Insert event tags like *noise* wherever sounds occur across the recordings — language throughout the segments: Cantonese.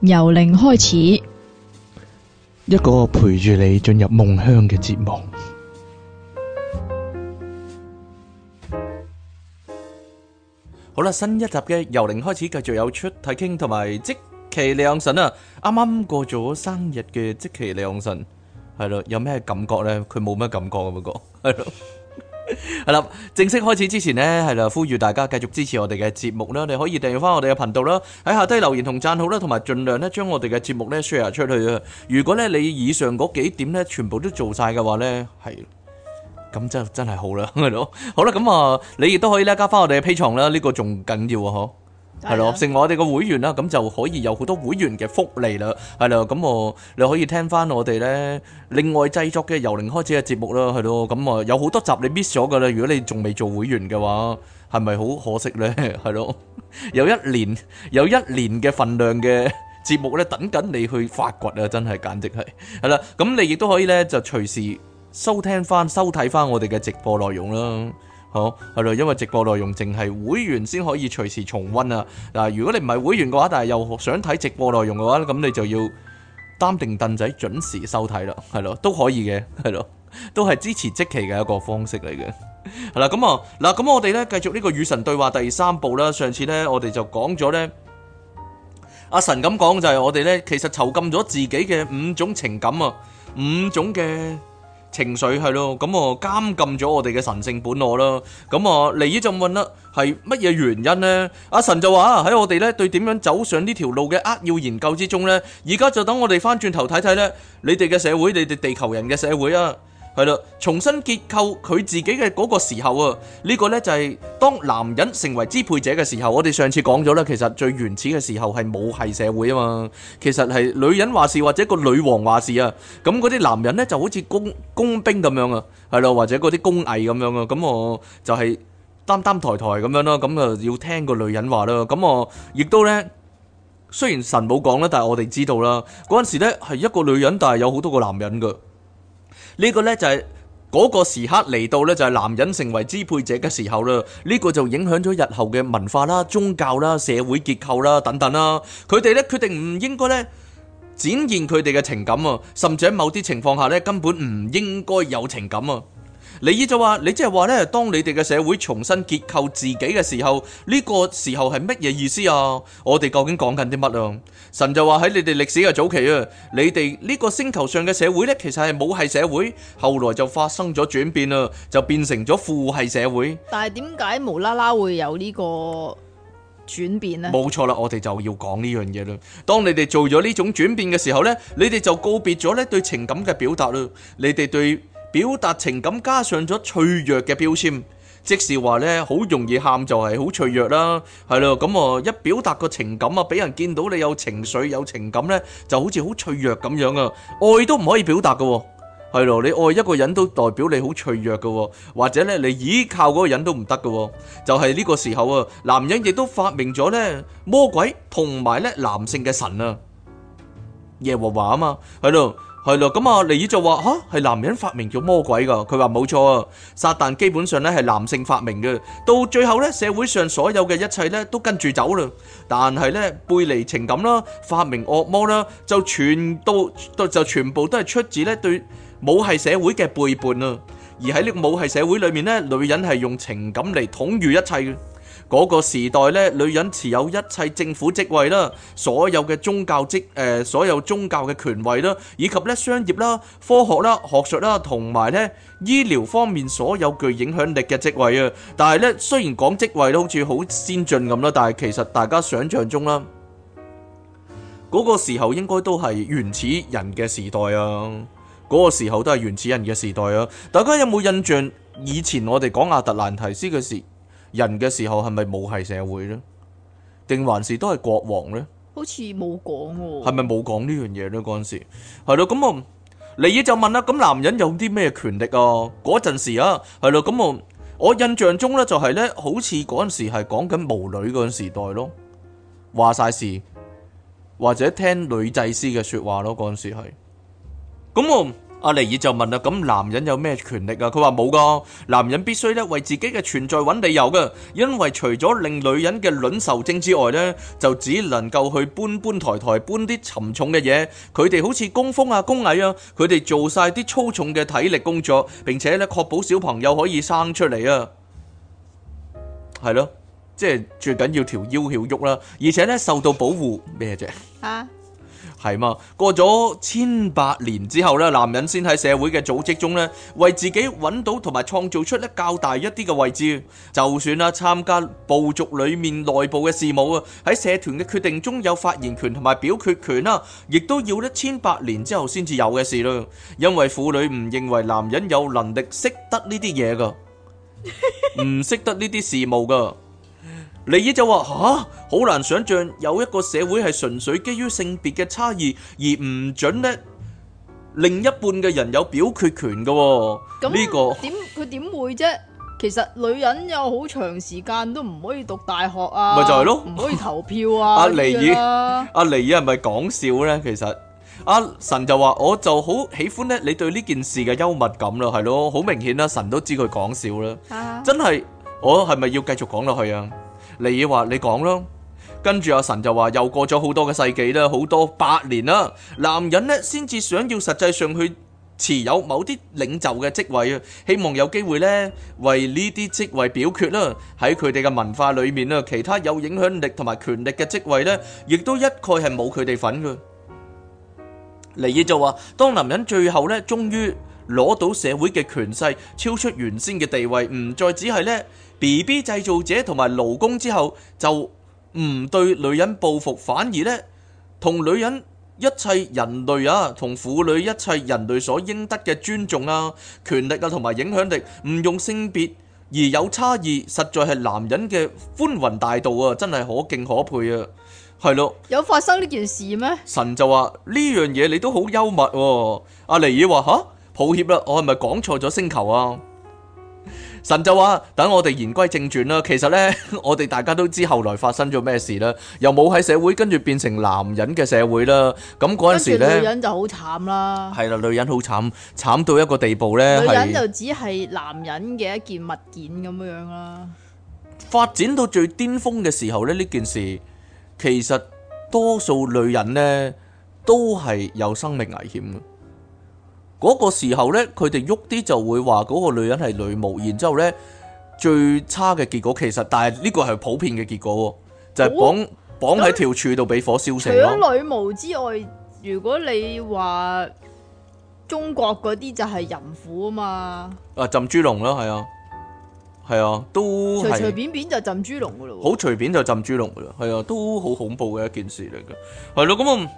由零開始，一個陪住你進入夢鄉嘅節目。好啦，新一集嘅由零開始繼續有出睇傾，同埋積奇利昂神啊，啱啱過咗生日嘅積奇利昂神係咯，有咩感覺咧？佢冇咩感覺嘅嗰個係咯。 *laughs* 係啦， *laughs* 正式開始之前呢係啦，呼籲大家繼續支持我哋嘅節目啦，你可以訂閱翻我哋嘅頻道啦，喺下低留言同讚好啦，同埋盡量咧將我哋嘅節目咧 share 出去。如果咧你以上嗰幾點咧全部都做晒嘅話咧，係咁就真係好啦，係咯。好啦，咁啊，你亦都可以咧加翻我哋嘅 P 床啦，呢個仲緊要啊，嗬。係咯，成為我哋個會員啦，咁就可以有好多會員嘅福利啦。係咯，咁我你可以聽翻我哋咧另外製作嘅由零開始嘅節目啦，係咯。咁啊，有好多集你 miss 咗噶啦。如果你仲未做會員嘅話，係咪好可惜咧？係咯，有一年有一年嘅份量嘅節目咧，等緊你去發掘啊！真係簡直係，係啦。咁你亦都可以咧就隨時收聽翻、收睇翻我哋嘅直播內容啦。係咯，哦，因為直播內容淨係會員先可以隨時重溫啊！嗱，呃，如果你唔係會員嘅話，但係又想睇直播內容嘅話，咁你就要擔定凳仔，準時收睇啦，係咯，都可以嘅，係咯，都係支持即期嘅一個方式嚟嘅。係 *laughs* 啦，嗯，咁，嗯，啊，嗱，嗯，咁，嗯嗯，我哋咧繼續呢個與神對話第三部啦。上次咧我哋就講咗咧，阿神咁講就係我哋咧其實囚禁咗自己嘅五種情感啊，五種嘅。情緒係咯，咁我監禁咗我哋嘅神性本我啦。咁啊，嚟姨就問啦，係乜嘢原因呢？阿神就話啊，喺我哋咧對點樣走上呢條路嘅扼要研究之中呢，而家就等我哋翻轉頭睇睇咧，你哋嘅社會，你哋地球人嘅社會啊。係啦，重新結構佢自己嘅嗰個時候啊，呢個呢，就係當男人成為支配者嘅時候。我哋上次講咗啦，其實最原始嘅時候係母系社會啊嘛，其實係女人話事或者個女王話事啊。咁嗰啲男人呢，就好似工工兵咁樣啊，係咯，或者嗰啲工藝咁樣啊。咁我就係擔擔抬抬咁樣咯，咁啊要聽個女人話咯。咁我亦都呢，雖然神冇講啦，但係我哋知道啦，嗰陣時呢係一個女人，但係有好多個男人噶。呢個呢，就係嗰個時刻嚟到呢，就係男人成為支配者嘅時候啦。呢個就影響咗日後嘅文化啦、宗教啦、社會結構啦等等啦。佢哋呢，決定唔應該呢，展現佢哋嘅情感啊，甚至喺某啲情況下呢，根本唔應該有情感啊。你依就話，你即係話咧，當你哋嘅社會重新結構自己嘅時候，呢個時候係乜嘢意思啊？我哋究竟講緊啲乜啊？神就話喺你哋歷史嘅早期啊，你哋呢個星球上嘅社會咧，其實係母系社會，後來就發生咗轉變啦，就變成咗父系社會。但係點解無啦啦會有呢個轉變呢？冇錯啦，我哋就要講呢樣嘢啦。當你哋做咗呢種轉變嘅時候咧，你哋就告別咗咧對情感嘅表達啦，你哋對。表達情感加上咗脆弱嘅標籤，即是話咧，好容易喊就係好脆弱啦，係咯。咁啊，一表達個情感啊，俾人見到你有情緒有情感咧，就好似好脆弱咁樣啊，愛都唔可以表達噶，係咯，你愛一個人都代表你好脆弱噶，或者咧你依靠嗰個人都唔得噶，就係呢個時候啊，男人亦都發明咗咧魔鬼同埋咧男性嘅神啊，耶和華啊嘛，係咯。係咯，咁啊，尼爾就話吓係男人發明咗魔鬼噶，佢話冇錯啊，撒旦基本上咧係男性發明嘅，到最後咧，社會上所有嘅一切咧都跟住走啦，但係咧背離情感啦，發明惡魔啦，就全到都就全部都係出自咧對母系社會嘅背叛啊，而喺呢母系社會裏面咧，女人係用情感嚟統御一切嘅。嗰個時代咧，女人持有一切政府職位啦，所有嘅宗教職誒、呃，所有宗教嘅權位啦，以及咧商業啦、科學啦、學術啦，同埋咧醫療方面所有具影響力嘅職位啊。但係咧，雖然講職位都好似好先進咁啦，但係其實大家想象中啦，嗰個時候應該都係原始人嘅時代啊。嗰個時候都係原始人嘅時代啊。大家有冇印象以前我哋講亞特蘭提斯嘅時人嘅時候係咪母系社會咧？定還是都係國王咧？好似冇講喎。係咪冇講呢樣嘢咧？嗰陣時係咯，咁啊，尼耶就問啦：咁男人有啲咩權力啊？嗰陣時啊，係咯，咁啊，我印象中咧就係咧，好似嗰陣時係講緊無女嗰陣時代咯，話晒事或者聽女祭司嘅說話咯，嗰陣時係，咁啊。阿尼爾就問啦：咁男人有咩權力啊？佢話冇噶，男人必須咧為自己嘅存在揾理由噶，因為除咗令女人嘅卵受精之外咧，就只能夠去搬搬抬抬搬啲沉重嘅嘢。佢哋好似工蜂啊、工蟻啊，佢哋做晒啲粗重嘅體力工作，並且咧確保小朋友可以生出嚟啊。係咯，即係最緊要條腰翹喐啦，而且咧受到保護咩啫？啊！係嘛？過咗千百年之後咧，男人先喺社會嘅組織中咧，為自己揾到同埋創造出咧較大一啲嘅位置。就算啦，參加部族裏面內部嘅事務啊，喺社團嘅決定中有發言權同埋表決權啦，亦都要一千百年之後先至有嘅事咯。因為婦女唔認為男人有能力識得呢啲嘢噶，唔識得呢啲事務噶。尼爾就話吓，好難想象有一個社會係純粹基於性別嘅差異而唔准咧，另一半嘅人有表決權嘅。咁呢個點，佢點會啫？其實女人有好長時間都唔可以讀大學啊，咪就係咯，唔可以投票啊。阿尼爾，阿尼爾係咪講笑咧？其實阿神就話我就好喜歡咧，你對呢件事嘅幽默感啦。係咯，好明顯啦。神都知佢講笑啦，真係我係咪要繼續講落去啊？尼爾話你講咯，跟住阿神就話又過咗好多嘅世紀啦，好多百年啦，男人呢，先至想要實際上去持有某啲領袖嘅職位啊，希望有機會呢，為呢啲職位表決啦。喺佢哋嘅文化裏面啊，其他有影響力同埋權力嘅職位呢，亦都一概係冇佢哋份嘅。尼爾就話，當男人最後呢，終於攞到社會嘅權勢，超出原先嘅地位，唔再只係呢。BB 製造者同埋勞工之後就唔對女人報復，反而呢，同女人一切人類啊，同婦女一切人類所應得嘅尊重啊、權力啊同埋影響力，唔用性別而有差異，實在係男人嘅寬宏大道啊！真係可敬可佩啊，係咯。有發生呢件事咩？神就話呢樣嘢你都好幽默，啊，阿、啊、尼爾話吓，抱歉啦，我係咪講錯咗星球啊？神就話：等我哋言歸正傳啦。其實呢，我哋大家都知後來發生咗咩事啦。又冇喺社會，跟住變成男人嘅社會啦。咁嗰陣時呢，女人就好慘啦。係啦，女人好慘，慘到一個地步呢。女人就只係男人嘅一件物件咁樣樣啦。發展到最巔峰嘅時候呢，呢件事其實多數女人呢都係有生命危險嘅。嗰個時候咧，佢哋喐啲就會話嗰個女人係女巫，然之後咧，最差嘅結果其實，但係呢個係普遍嘅結果，就係綁綁喺條柱度俾火燒死咯。除咗女巫之外，如果你話中國嗰啲就係淫婦啊嘛，啊浸豬籠啦，係啊，係啊，啊，都隨隨便便就浸豬籠噶咯，好隨便就浸豬籠噶咯，係啊，都好恐怖嘅一件事嚟噶，係咯，咁啊。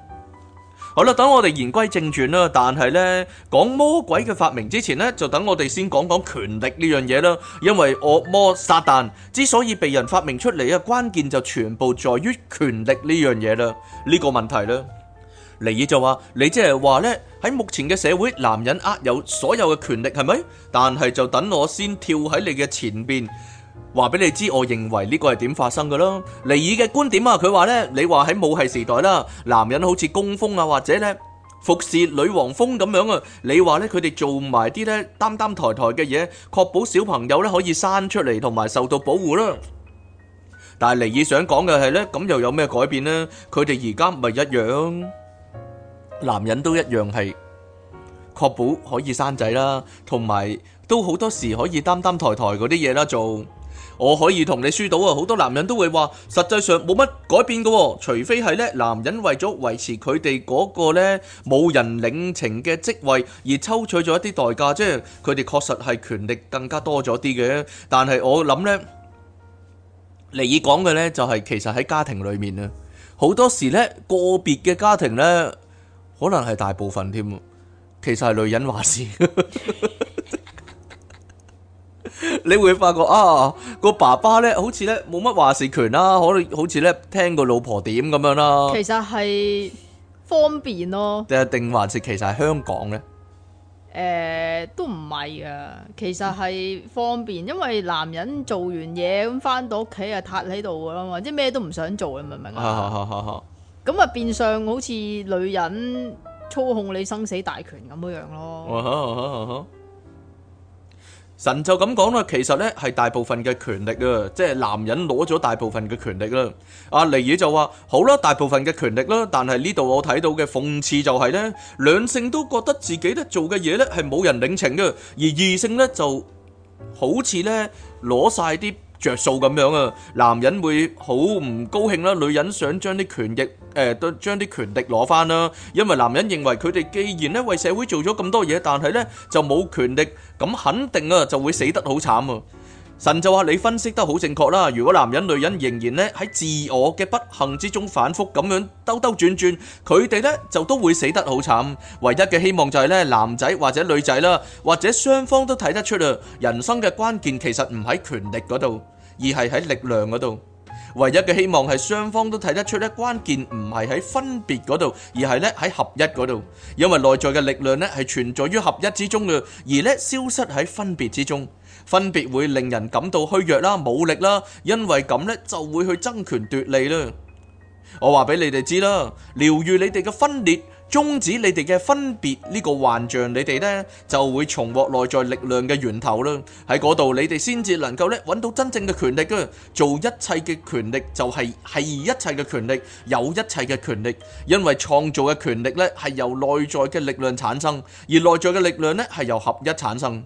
好啦，等我哋言歸正傳啦。但係呢，講魔鬼嘅發明之前呢，就等我哋先講講權力呢樣嘢啦。因為惡魔撒旦之所以被人發明出嚟嘅關鍵就全部在於權力呢樣嘢啦，呢個問題啦。尼爾就話：你即係話呢，喺目前嘅社會，男人握有所有嘅權力係咪？但係就等我先跳喺你嘅前邊。話俾你知，我認為呢個係點發生噶啦。尼爾嘅觀點啊，佢話呢，你話喺武器時代啦，男人好似工蜂啊，或者呢服侍女王蜂咁樣啊，你話呢佢哋做埋啲呢擔擔抬抬嘅嘢，確保小朋友呢可以生出嚟，同埋受到保護啦。但係尼爾想講嘅係呢，咁又有咩改變呢？佢哋而家唔係一樣，男人都一樣係確保可以生仔啦，同埋都好多時可以擔擔抬抬嗰啲嘢啦做。我可以同你輸到啊！好多男人都會話，實際上冇乜改變嘅，除非係咧，男人為咗維持佢哋嗰個咧冇人領情嘅職位而抽取咗一啲代價，即係佢哋確實係權力更加多咗啲嘅。但係我諗咧，你講嘅咧就係其實喺家庭裏面啊，好多時咧個別嘅家庭咧可能係大部分添啊，其實係女人話事。 *laughs* *laughs* 你會發覺啊，個爸爸咧好似咧冇乜話事權啦，可能好似咧聽個老婆點咁樣啦。其實係方便咯。定係定還是其實係香港咧？誒、呃，都唔係啊，其實係方便，因為男人做完嘢咁翻到屋企啊，塌喺度噶啦嘛，即係咩都唔想做，你明唔明啊？好好咁啊，變相好似女人操控你生死大權咁樣樣咯。 *laughs* 神就咁講啦，其實咧係大部分嘅權力啊，即係男人攞咗大部分嘅權力啦。阿、啊、尼爾就話：好啦，大部分嘅權力啦，但係呢度我睇到嘅諷刺就係咧，兩性都覺得自己咧做嘅嘢咧係冇人領情嘅，而異性咧就好似咧攞晒啲着數咁樣啊，男人會好唔高興啦，女人想將啲權益、呃、權力誒都將啲權力攞翻啦，因為男人認為佢哋既然咧為社會做咗咁多嘢，但係咧就冇權力，咁肯定啊就會死得好慘啊！神就話：你分析得好正確啦。如果男人、女人仍然咧喺自我嘅不幸之中反覆咁樣兜兜轉轉，佢哋咧就都會死得好慘。唯一嘅希望就係咧男仔或者女仔啦，或者雙方都睇得出啊。人生嘅關鍵其實唔喺權力嗰度，而係喺力量嗰度。唯一嘅希望係雙方都睇得出咧，關鍵唔係喺分別嗰度，而係咧喺合一嗰度。因為內在嘅力量咧係存在於合一之中嘅，而咧消失喺分別之中。分別會令人感到虛弱啦、冇力啦，因為咁咧就會去爭權奪利啦。我話俾你哋知啦，療愈你哋嘅分裂，終止你哋嘅分別呢個幻象，你哋咧就會重獲內在力量嘅源頭啦。喺嗰度，你哋先至能夠咧揾到真正嘅權力，噉做一切嘅權力就係係一切嘅權力，有一切嘅權力，因為創造嘅權力咧係由內在嘅力量產生，而內在嘅力量咧係由合一產生。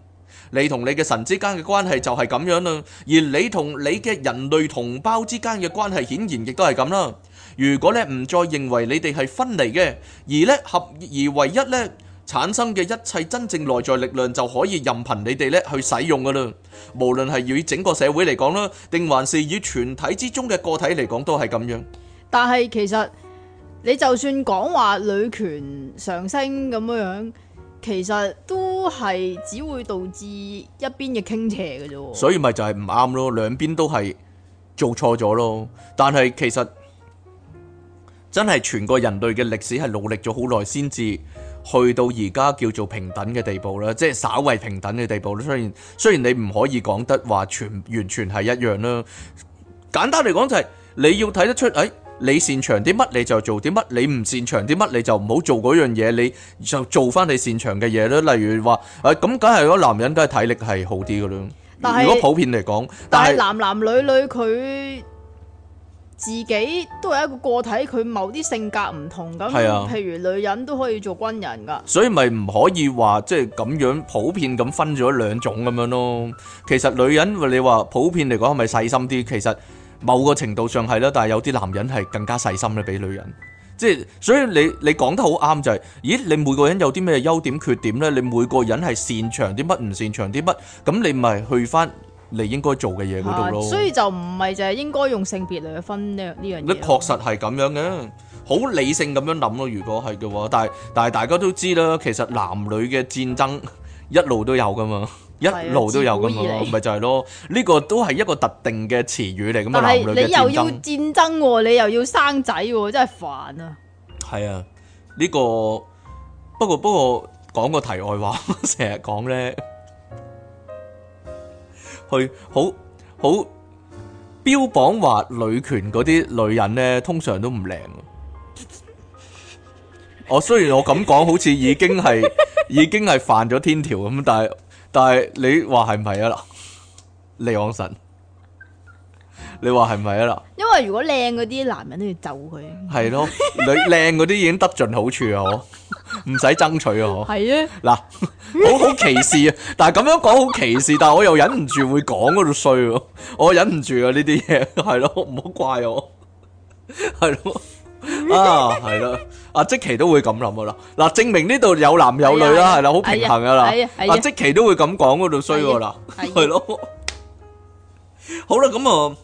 你同你嘅神之間嘅關係就係咁樣啦，而你同你嘅人類同胞之間嘅關係顯然亦都係咁啦。如果咧唔再認為你哋係分離嘅，而咧合而為一咧產生嘅一切真正內在力量就可以任憑你哋咧去使用噶啦。無論係以整個社會嚟講啦，定還是以全體之中嘅個體嚟講，都係咁樣。但係其實你就算講話女權上升咁樣。其實都係只會導致一邊嘅傾斜嘅啫喎，所以咪就係唔啱咯，兩邊都係做錯咗咯。但係其實真係全個人類嘅歷史係努力咗好耐先至去到而家叫做平等嘅地步啦，即係稍為平等嘅地步啦。雖然雖然你唔可以講得話全完全係一樣啦。簡單嚟講就係、係、你要睇得出誒。哎你擅長啲乜你就做啲乜，你唔擅長啲乜你就唔好做嗰樣嘢，你就做翻你擅長嘅嘢咯。例如話，誒咁梗係嗰個男人梗係體力係好啲噶咯。但係如果普遍嚟講，但係男男女女佢自己都係一個個體，佢某啲性格唔同咁。係啊，譬如女人都可以做軍人噶。所以咪唔可以話即係咁樣普遍咁分咗兩種咁樣咯。其實女人你話普遍嚟講係咪細心啲？其實。某個程度上係啦，但係有啲男人係更加細心咧，比女人。即係所以你你講得好啱，就係、是，咦？你每個人有啲咩優點缺點咧？你每個人係擅長啲乜？唔擅長啲乜？咁你咪去翻你應該做嘅嘢嗰度咯、啊。所以就唔係淨係應該用性別嚟去分呢樣嘢。咧確實係咁樣嘅，好理性咁樣諗咯。如果係嘅話，但係但係大家都知啦，其實男女嘅戰爭一路都有噶嘛。一路都有噶嘛，咪就係咯。呢個都係一個特定嘅詞語嚟，咁男女嘅戰爭。但係你又要戰爭喎、啊，你又要生仔喎、啊，真係煩啊！係啊，呢個不過，不過講個題外話，成日講咧，去好好標榜話女權嗰啲女人咧，通常都唔靚。 *laughs* 我雖然我咁講，好似已經係 *laughs* 已經係犯咗天條咁，但係。但係你話係唔係啊啦？李昂神，你話係唔係啊啦？因為如果靚嗰啲男人都要就佢，係咯， *laughs* 女靚嗰啲已經得盡好處啊，我唔使爭取啊，我係啊，嗱的， *laughs* *laughs* 好好歧視啊！但係咁樣講好歧視，但係我又忍唔住會講嗰度衰，我忍唔住啊！呢啲嘢係咯，唔好怪我，係咯。啊，係咯，阿即奇都會咁諗噶啦。嗱，證明呢度有男有女啦，係啦，好平衡噶啦。阿即奇都會咁講嗰度衰我啦，係咯。好啦，咁啊，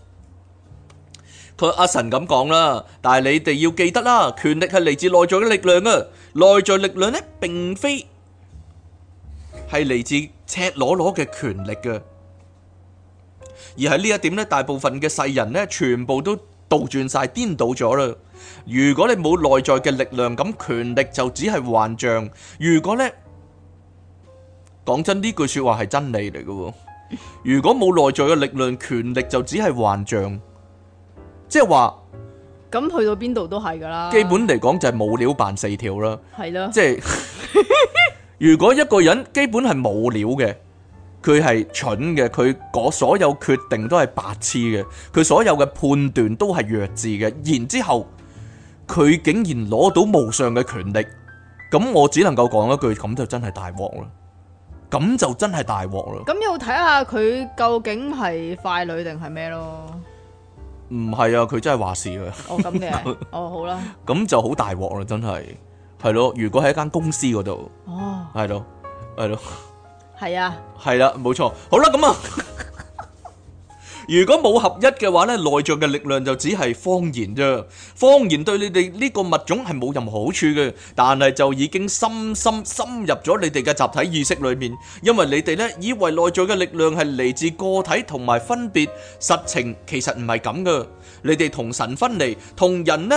佢阿神咁講啦，但係你哋要記得啦，權力係嚟自內在嘅力量啊，內在力量咧，並非係嚟自赤裸裸嘅權力嘅，而係呢一點咧，大部分嘅世人咧，全部都。倒轉晒，顛倒咗啦！如果你冇內在嘅力量，咁權力就只係幻象。如果呢，講真呢句說話係真理嚟嘅。如果冇內在嘅力量，權力就只係幻象。即係話，咁去到邊度都係噶啦。基本嚟講就係冇料扮四條啦。係囉，即係如果一個人基本係冇料嘅。佢係蠢嘅，佢所有決定都係白痴嘅，佢所有嘅判斷都係弱智嘅，然之後佢竟然攞到無上嘅權力，咁我只能夠講一句，咁就真係大鑊啦，咁就真係大鑊啦。咁要睇下佢究竟係快女定係咩咯？唔係啊，佢真係話事啊！哦咁嘅，哦好啦，咁 *laughs* 就好大鑊啦，真係，係咯。如果喺一間公司嗰度，哦，係咯，係咯。係是啊，啊，係啦，冇錯。好啦，咁啊， *laughs* 如果冇合一嘅話咧，內在嘅力量就只係謊言啫。謊言對你哋呢個物種係冇任何好處嘅，但係就已經深深深入咗你哋嘅集體意識裏面。因為你哋呢，以為內在嘅力量係嚟自個體同埋分別，實情其實唔係咁噶。你哋同神分離，同人呢，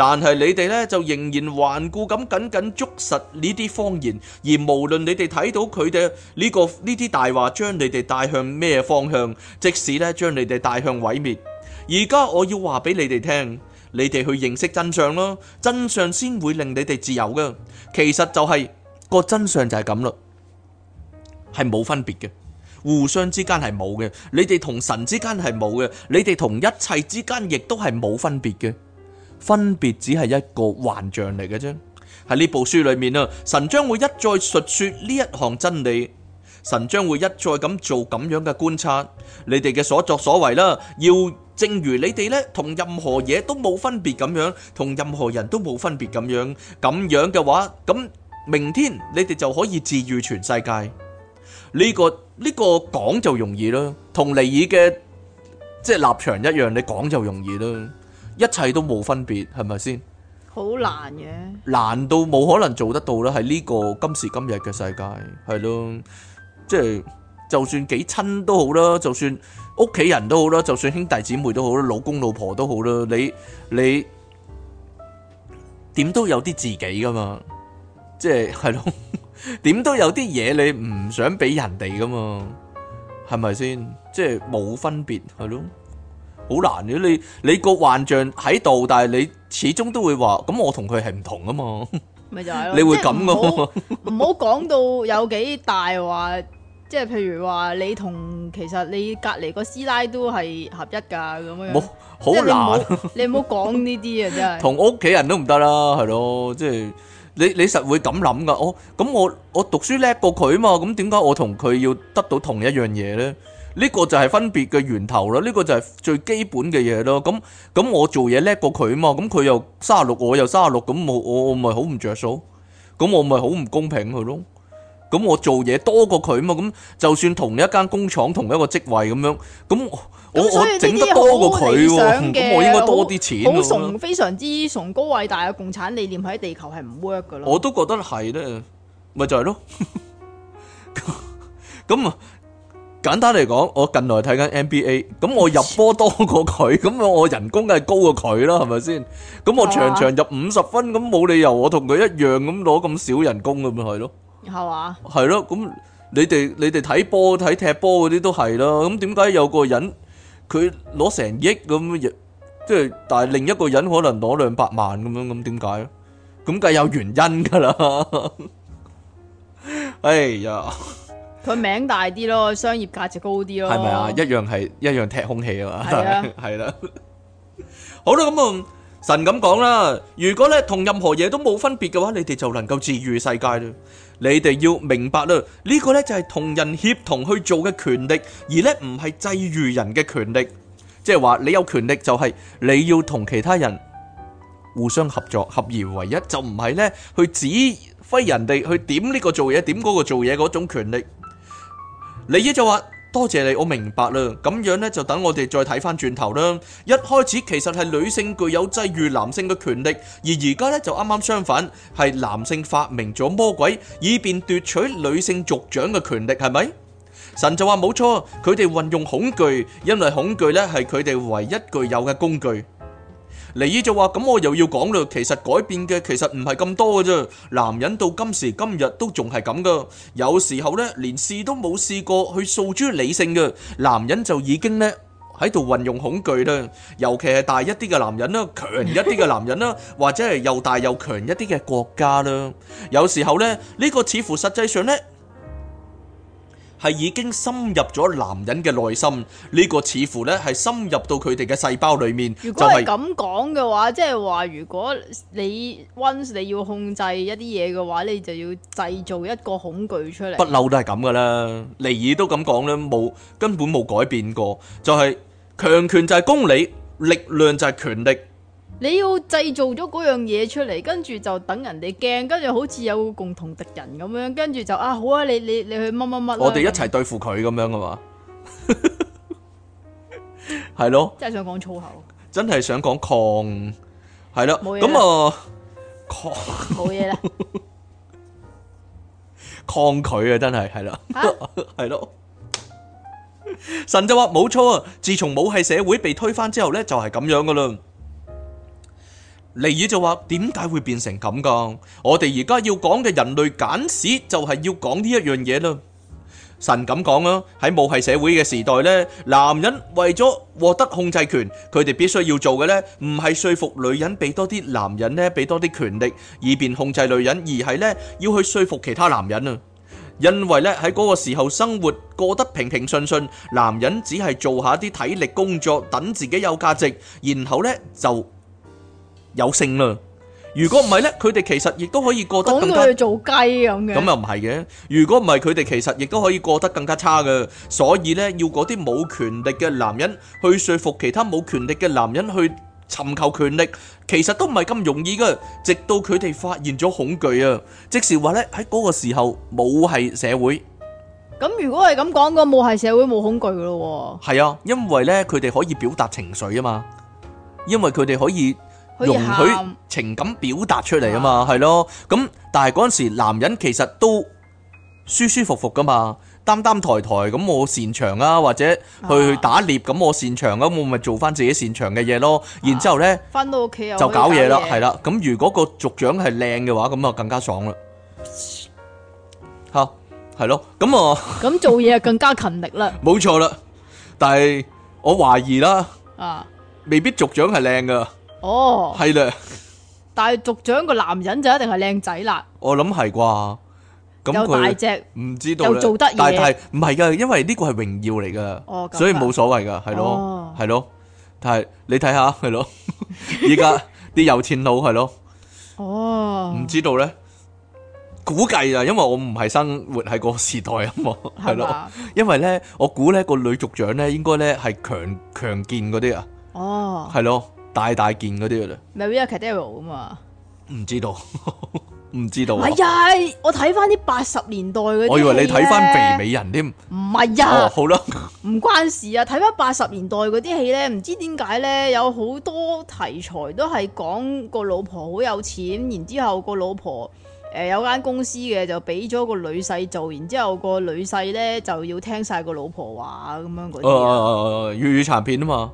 但係你哋咧，就仍然頑固咁緊緊捉實呢啲謊言，而無論你哋睇到佢哋呢個呢啲大話，將你哋帶向咩方向？即使咧將你哋帶向毀滅。而家我要話俾你哋聽，你哋去認識真相咯，真相先會令你哋自由㗎。其實就係個真相就係咁啦，係冇分別嘅，互相之間係冇嘅，你哋同神之間係冇嘅，你哋同一切之間亦都係冇分別嘅。分別只係一個幻象嚟嘅啫，喺呢部書裏面啊，神將會一再述說呢一項真理，神將會一再咁做咁樣嘅觀察，你哋嘅所作所為啦，要正如你哋呢同任何嘢都冇分別咁樣，同任何人都冇分別咁樣，咁樣嘅話，咁明天你哋就可以治愈全世界。呢個呢個講就容易啦，同尼爾嘅即係立場一樣，你講就容易啦。一切都冇分別，係咪先？好難嘅，難到冇可能做得到啦！喺呢個今時今日嘅世界，係咯，即係就算幾親都好啦，就算屋企人都好啦，就算兄弟姊妹都好啦，老公老婆都好啦，你你點都有啲自己㗎嘛？即係係咯，點都有啲嘢你唔想俾人哋㗎嘛？係咪先？即係冇分別係咯。好難嘅、啊，你你個幻象喺度，但係你始終都會話，咁我同佢係唔同啊嘛，咪就係咯， *laughs* 你會咁噶、啊？唔好講到有幾大話，即係譬如話你同其實你隔籬個師奶都係合一噶咁樣，即好難，你唔好講呢啲啊，真係同屋企人都唔得啦，係咯，即係你你實會咁諗噶，我咁我我讀書叻過佢嘛，咁點解我同佢要得到同一樣嘢咧？呢個就係分別嘅源頭啦，呢、這個就係最基本嘅嘢咯。咁咁我做嘢叻過佢啊嘛，咁佢又卅六，我又卅六，咁我我咪好唔着數，咁我咪好唔公平佢咯。咁我做嘢多過佢啊嘛，咁就算同一間工廠同一個職位咁樣，咁我我整得多過佢喎，咁我應該多啲錢咯。好崇呢非常之崇高偉大嘅共產理念喺地球係唔 work 噶咯。我都覺得係咧，咪就係、是、咯，咁 *laughs* 啊。簡單嚟講，我近來睇緊 NBA，咁我入波多過佢，咁我我人工梗係高過佢啦，係咪先？咁我場場入五十分，咁冇理由我同佢一樣咁攞咁少人工，咁咪係咯？係嘛？係咯，咁你哋你哋睇波睇踢波嗰啲都係啦。咁點解有個人佢攞成億咁，即係但係另一個人可能攞兩百萬咁樣，咁點解？咁梗係有原因噶啦。哎呀！佢名大啲咯，商業價值高啲咯，係咪啊？一樣係一樣踢空氣啊嘛，係啦，係啦。好啦，咁啊神咁講啦，如果咧同任何嘢都冇分別嘅話，你哋就能夠治愈世界啦。你哋要明白啦，呢個咧就係同人協同去做嘅權力，而咧唔係制御人嘅權力。即係話你有權力就係你要同其他人互相合作，合而為一，就唔係咧去指揮人哋去點呢個做嘢，點嗰個做嘢嗰種權力。李姨就話：多謝你，我明白啦。咁樣呢，就等我哋再睇翻轉頭啦。一開始其實係女性具有制約男性嘅權力，而而家呢，就啱啱相反，係男性發明咗魔鬼，以便奪取女性族長嘅權力，係咪？神就話冇錯，佢哋運用恐懼，因為恐懼呢係佢哋唯一具有嘅工具。尼爾就話咁，我又要講啦。其實改變嘅其實唔係咁多嘅啫。男人到今時今日都仲係咁噶。有時候呢，連試都冇試過去訴諸理性嘅男人就已經呢喺度運用恐懼啦。尤其係大一啲嘅男人啦，強一啲嘅男人啦，或者係又大又強一啲嘅國家啦。有時候呢，呢個似乎實際上呢。係已經深入咗男人嘅內心，呢、這個似乎呢係深入到佢哋嘅細胞裏面。如果係咁講嘅話，就是、即係話如果你 once 你要控制一啲嘢嘅話，你就要製造一個恐懼出嚟。不嬲都係咁噶啦，尼爾都咁講啦，冇根本冇改變過，就係、是、強權就係公理，力量就係權力。你要製造咗嗰樣嘢出嚟，跟住就等人哋驚，跟住好似有共同敵人咁樣，跟住就啊好啊，你你你去乜乜乜我哋一齊對付佢咁樣噶嘛？係咯，真係想講粗口，真係想講抗，係啦，咁啊抗，冇嘢啦，抗拒啊，真係係啦，係咯，神就話冇錯啊，自從武器社會被推翻之後咧，就係咁樣噶啦。尼爾就話：點解會變成咁噶？我哋而家要講嘅人類簡史就係要講呢一樣嘢啦。神咁講啊，喺母系社會嘅時代呢，男人為咗獲得控制權，佢哋必須要做嘅呢，唔係說服女人俾多啲男人呢俾多啲權力，以便控制女人，而係呢要去說服其他男人啊。因為呢喺嗰個時候生活過得平平順順，男人只係做下啲體力工作，等自己有價值，然後呢就。有性啦！如果唔係咧，佢哋其實亦都可以過得更加做雞咁樣。咁又唔係嘅，如果唔係佢哋其實亦都可以過得更加差嘅。所以咧，要嗰啲冇權力嘅男人去說服其他冇權力嘅男人去尋求權力，其實都唔係咁容易嘅。直到佢哋發現咗恐懼啊！即係話咧，喺嗰個時候冇係社會。咁如果係咁講嘅話，冇係社會冇恐懼嘅咯。係啊，因為咧佢哋可以表達情緒啊嘛，因為佢哋可以。容許情感表達出嚟啊嘛，係咯咁。但係嗰陣時，男人其實都舒舒服服噶嘛，擔擔抬抬咁我擅長啊，或者去去打獵咁我擅長，咁我咪做翻自己擅長嘅嘢咯。然之後咧，翻到屋企又就搞嘢啦，係啦。咁如果個族長係靚嘅話，咁啊更加爽啦吓，係咯咁啊。咁做嘢啊，更加勤力啦。冇錯啦，但係我懷疑啦，啊，未必族長係靚噶。哦，係啦，但係族長個男人就一定係靚仔啦。我諗係啩，咁大隻，唔知道又做得嘢，但係唔係噶，因為呢個係榮耀嚟噶，所以冇所謂噶，係咯，係咯，但係你睇下，係咯，而家啲有錢佬係咯，哦，唔知道咧，估計啊，因為我唔係生活喺個時代啊嘛，係咯，因為咧，我估咧個女族長咧，應該咧係強強健嗰啲啊，哦，係咯。大大件嗰啲啦，咪 villa cathedral 嘛，唔知道，唔 *laughs* 知道啊，係、哎、呀，我睇翻啲八十年代嗰，我以為你睇翻肥美人添，唔係呀，好啦，唔 *laughs* 關事啊，睇翻八十年代嗰啲戲咧，唔知點解咧，有好多題材都係講個老婆好有錢，然之後個老婆誒有間公司嘅，就俾咗個女婿做，然之後個女婿咧就要聽晒個老婆話咁樣嗰啲啊，粵語殘片啊嘛。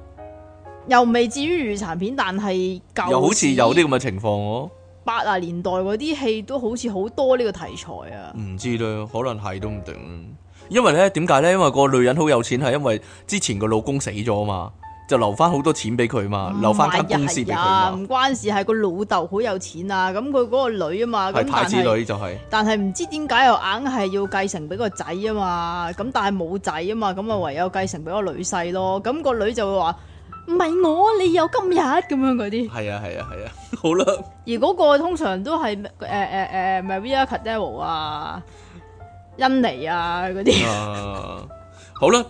又未至於餘殘片，但係又好似有啲咁嘅情況喎。八十年代嗰啲戲都好似好多呢個題材啊。唔知啦，可能係都唔定。因為咧，點解咧？因為，為，因為個女人好有錢，係因為之前個老公死咗啊嘛，就留翻好多錢俾佢啊嘛，嗯、留翻間公司俾佢。唔關事，係個老豆好有錢啊。咁佢嗰個女啊嘛，係是太子女就係、是。但係唔知點解又硬係要繼承俾個仔啊嘛？咁但係冇仔啊嘛，咁啊唯有繼承俾個女婿咯。咁、那個女就會話。唔係我，你有今日咁樣嗰啲。係啊係啊係啊，好啦。而嗰個通常都係誒誒誒，Maria Cadeau 啊，恩尼啊嗰啲。啊，好啦，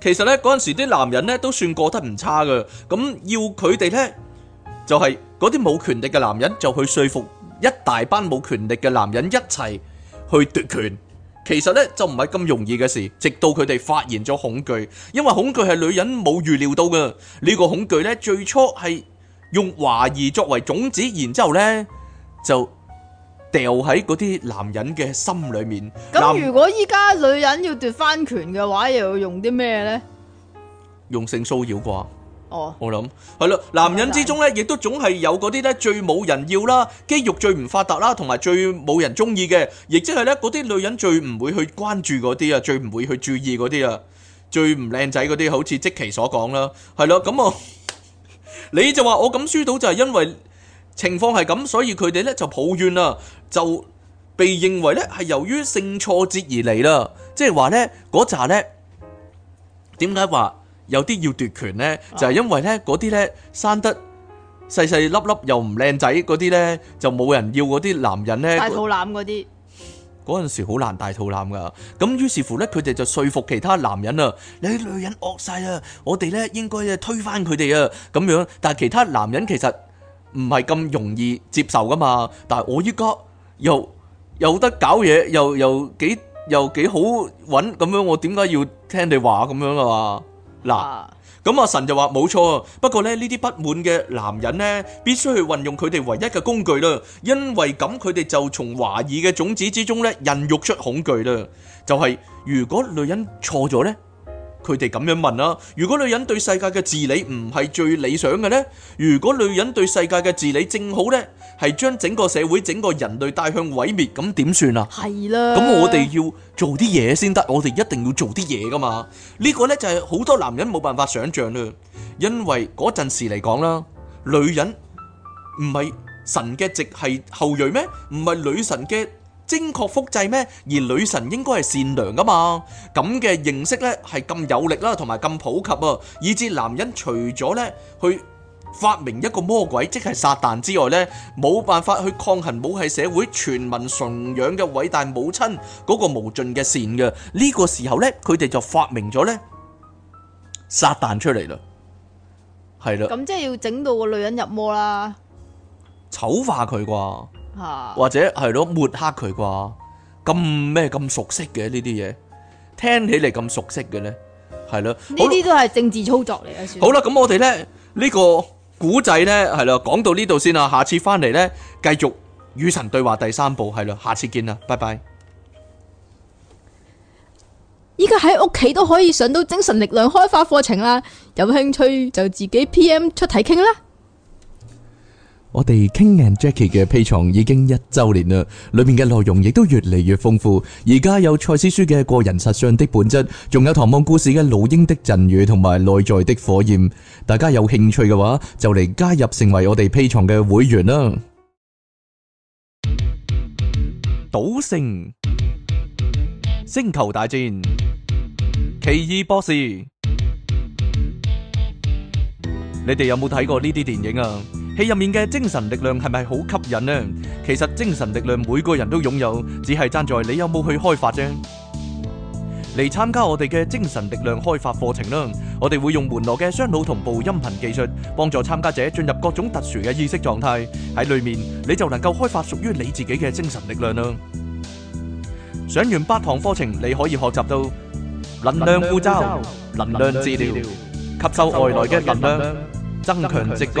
其實咧嗰陣時啲男人咧都算過得唔差噶，咁要佢哋咧就係嗰啲冇權力嘅男人就去說服一大班冇權力嘅男人一齊去奪權。其實咧，就唔係咁容易嘅事，直到佢哋發現咗恐懼，因為恐懼係女人冇預料到嘅。呢個恐懼咧最初係用懷疑作為種子，然之後咧就掉喺嗰啲男人嘅心裏面。咁如果依家女人要奪翻權嘅話，又要用啲咩呢？用性騷擾啩？我諗係咯，男人之中咧，亦都總係有嗰啲咧最冇人要啦，肌肉最唔發達啦，同埋最冇人中意嘅，亦即係咧嗰啲女人最唔會去關注嗰啲啊，最唔會去注意嗰啲啊，最唔靚仔嗰啲，好似即其所講啦，係咯，咁我你就話我咁輸到就係因為情況係咁，所以佢哋咧就抱怨啦，就被認為咧係由於性挫折而嚟啦，即係話咧嗰扎咧點解話？有啲要奪權咧，就係因為咧嗰啲咧生得細細粒粒又唔靚仔嗰啲咧，就冇人要嗰啲男人咧。大肚腩嗰啲，嗰陣時好難大肚腩噶，咁於是乎咧佢哋就説服其他男人啊，你女人惡晒啊，我哋咧應該咧推翻佢哋啊咁樣。但係其他男人其實唔係咁容易接受噶嘛。但係我依家又有得搞嘢，又又幾又幾好揾咁樣，我點解要聽你話咁樣啊？嗱，咁阿神就話冇錯，不過咧呢啲不滿嘅男人呢，必須去運用佢哋唯一嘅工具啦，因為咁佢哋就從懷疑嘅種子之中咧，孕育出恐懼啦。就係、是、如果女人錯咗呢。佢哋咁樣問啦：如果女人對世界嘅治理唔係最理想嘅咧？如果女人對世界嘅治理正好咧，係將整個社會、整個人類帶向毀滅，咁點算啊？係啦，咁我哋要做啲嘢先得，我哋一定要做啲嘢㗎嘛。呢個咧就係好多男人冇辦法想象啦，因為嗰陣時嚟講啦，女人唔係神嘅直系後裔咩？唔係女神嘅。精確復製咩？而女神應該係善良噶嘛？咁嘅認識咧係咁有力啦，同埋咁普及啊，以至男人除咗咧去發明一個魔鬼，即係撒旦之外咧，冇辦法去抗衡母系社會全民崇仰嘅偉大母親嗰個無盡嘅善嘅。呢個時候咧，佢哋就發明咗咧撒旦出嚟啦，係啦。咁即係要整到個女人入魔啦，醜化佢啩？或者係咯，抹黑佢啩？咁咩咁熟悉嘅呢啲嘢？聽起嚟咁熟悉嘅呢？係咯？呢啲都係政治操作嚟嘅！算好啦，咁我哋呢，呢、呢個古仔呢，係啦，講到呢度先啦，下次翻嚟呢，繼續與神對話第三部係啦，下次見啦，拜拜！依家喺屋企都可以上到精神力量開發課程啦，有興趣就自己 P. M. 出題傾啦。我哋 King and Jackie 嘅 Patreon 已經一周年啦，裏面嘅內容亦都越嚟越豐富。而家有賽斯書嘅個人實相的本質，仲有唐望故事嘅老鷹的贈語同埋內在的火焰。大家有興趣嘅話，就嚟加入成為我哋 Patreon 嘅會員啦！賭聖、星球大戰、奇異博士，你哋有冇睇過呢啲電影啊？戲入面嘅精神力量係咪好吸引呢？其實精神力量每個人都擁有，只係爭在你有冇去開發啫。嚟參加我哋嘅精神力量開發課程啦，我哋會用門羅嘅雙腦同步音頻技術，幫助參加者進入各種特殊嘅意識狀態，喺裏面你就能夠開發屬於你自己嘅精神力量啦。上完八堂課程，你可以學習到能量護罩、能量治療、吸收外來嘅能量、增強直覺。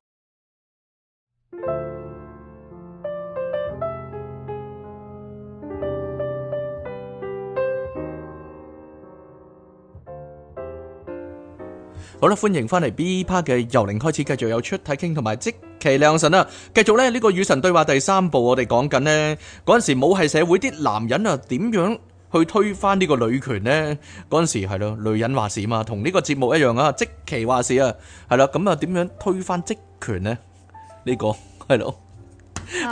好啦，歡迎翻嚟 B 趴嘅由零開始，繼續有出體傾同埋即其亮神啊！繼續咧呢、這個與神對話第三部，我哋講緊呢，嗰陣時母系社會啲男人啊，點樣去推翻呢個女權呢？嗰陣時係咯，女人話事嘛，同呢個節目一樣啊！即其話事啊，係啦，咁啊點樣推翻職權呢？呢、這個係咯。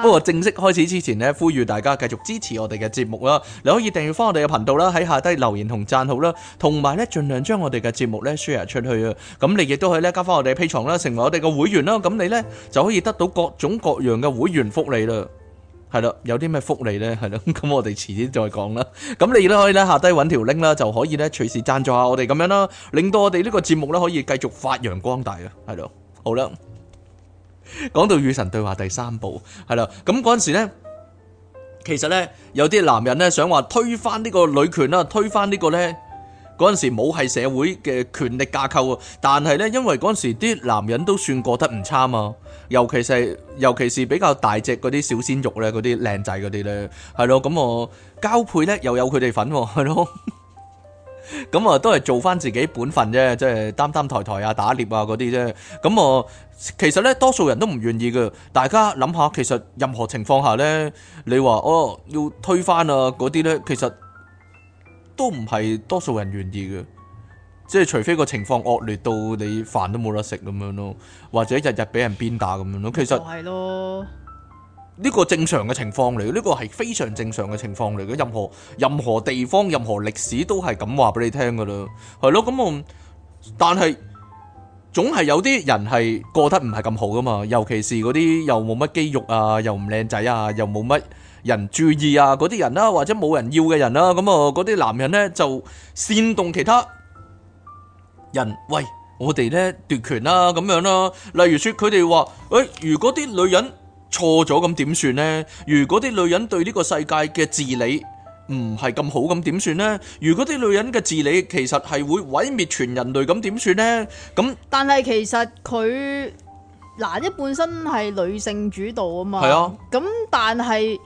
不過正式開始之前呢，呼籲大家繼續支持我哋嘅節目啦！你可以訂閱翻我哋嘅頻道啦，喺下低留言同讚好啦，同埋呢盡量將我哋嘅節目呢 share 出去啊！咁你亦都可以呢加翻我哋嘅 Patreon 啦，成為我哋嘅會員啦！咁你呢就可以得到各種各樣嘅會員福利啦！係啦，有啲咩福利呢？係啦，咁我哋遲啲再講啦。咁你亦都可以呢下低搵條 link 啦，就可以呢隨時贊助下我哋咁樣啦，令到我哋呢個節目呢可以繼續發揚光大啊！係咯，好啦。講到與神對話第三部，係啦，咁嗰陣時呢，其實呢，有啲男人呢，想話推翻呢個女權啦，推翻呢個呢。嗰陣時冇係社會嘅權力架構啊，但係呢，因為嗰陣時啲男人都算過得唔差嘛，尤其是尤其是比較大隻嗰啲小鮮肉呢，嗰啲靚仔嗰啲呢，係咯，咁我交配呢，又有佢哋份啊，係咯。咁啊，都係做翻自己本分啫，即係擔擔抬抬啊、打獵啊嗰啲啫。咁我其實咧，多數人都唔願意嘅。大家諗下，其實任何情況下咧，你話哦要推翻啊嗰啲咧，其實都唔係多數人願意嘅。即係除非個情況惡劣到你飯都冇得食咁樣咯，或者日日俾人鞭打咁樣咯。其實係咯。呢個正常嘅情況嚟，呢個係非常正常嘅情況嚟嘅。任何任何地方、任何歷史都係咁話俾你聽㗎啦。係咯，咁、嗯、啊，但係總係有啲人係過得唔係咁好噶嘛。尤其是嗰啲又冇乜肌肉啊，又唔靚仔啊，又冇乜人注意啊，嗰啲人啦、啊，或者冇人要嘅人啦，咁啊，嗰、嗯、啲男人呢，就煽動其他人，喂，我哋呢，奪權啦、啊，咁樣啦、啊。例如説，佢哋話，誒，如果啲女人錯咗咁點算呢？如果啲女人對呢個世界嘅治理唔係咁好咁點算呢？如果啲女人嘅治理其實係會毀滅全人類咁點算呢？咁但係其實佢嗱，一、呃、本身係女性主導啊嘛，係啊，咁但係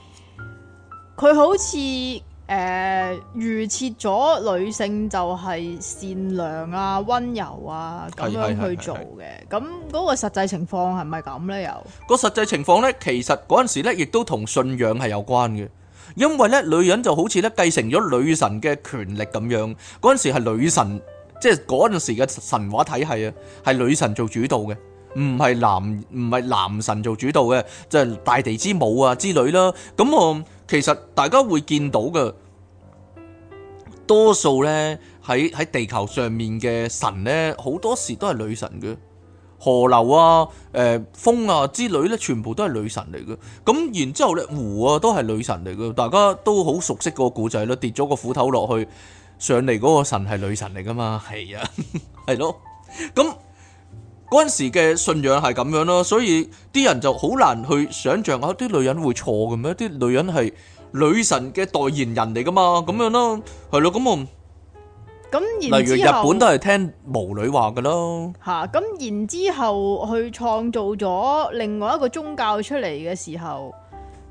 佢好似。誒，預、呃、設咗女性就係善良啊、溫柔啊咁樣去做嘅，咁嗰個實際情況係咪係咁呢？又個實際情況呢，其實嗰陣時呢亦都同信仰係有關嘅，因為呢女人就好似呢繼承咗女神嘅權力咁樣，嗰陣時係女神，即係嗰陣時嘅神話體系啊，係女神做主導嘅，唔係男唔係男神做主導嘅，即、就、係、是、大地之母啊之類啦。咁我、呃、其實大家會見到嘅。多數呢，喺喺地球上面嘅神呢，好多時都係女神嘅。河流啊、誒、呃、風啊之類呢，全部都係女神嚟嘅。咁然之後呢，湖啊都係女神嚟嘅，大家都好熟悉個故仔啦。跌咗個斧頭落去，上嚟嗰個神係女神嚟噶嘛？係啊，係 *laughs* 咯。咁嗰陣時嘅信仰係咁樣咯，所以啲人就好難去想像啊，啲女人會錯嘅咩？啲女人係女神嘅代言人嚟噶嘛，咁樣咯，係咯，咁我，咁然，例如日本都係聽巫女話噶咯，吓，咁然之後去創造咗另外一個宗教出嚟嘅時候，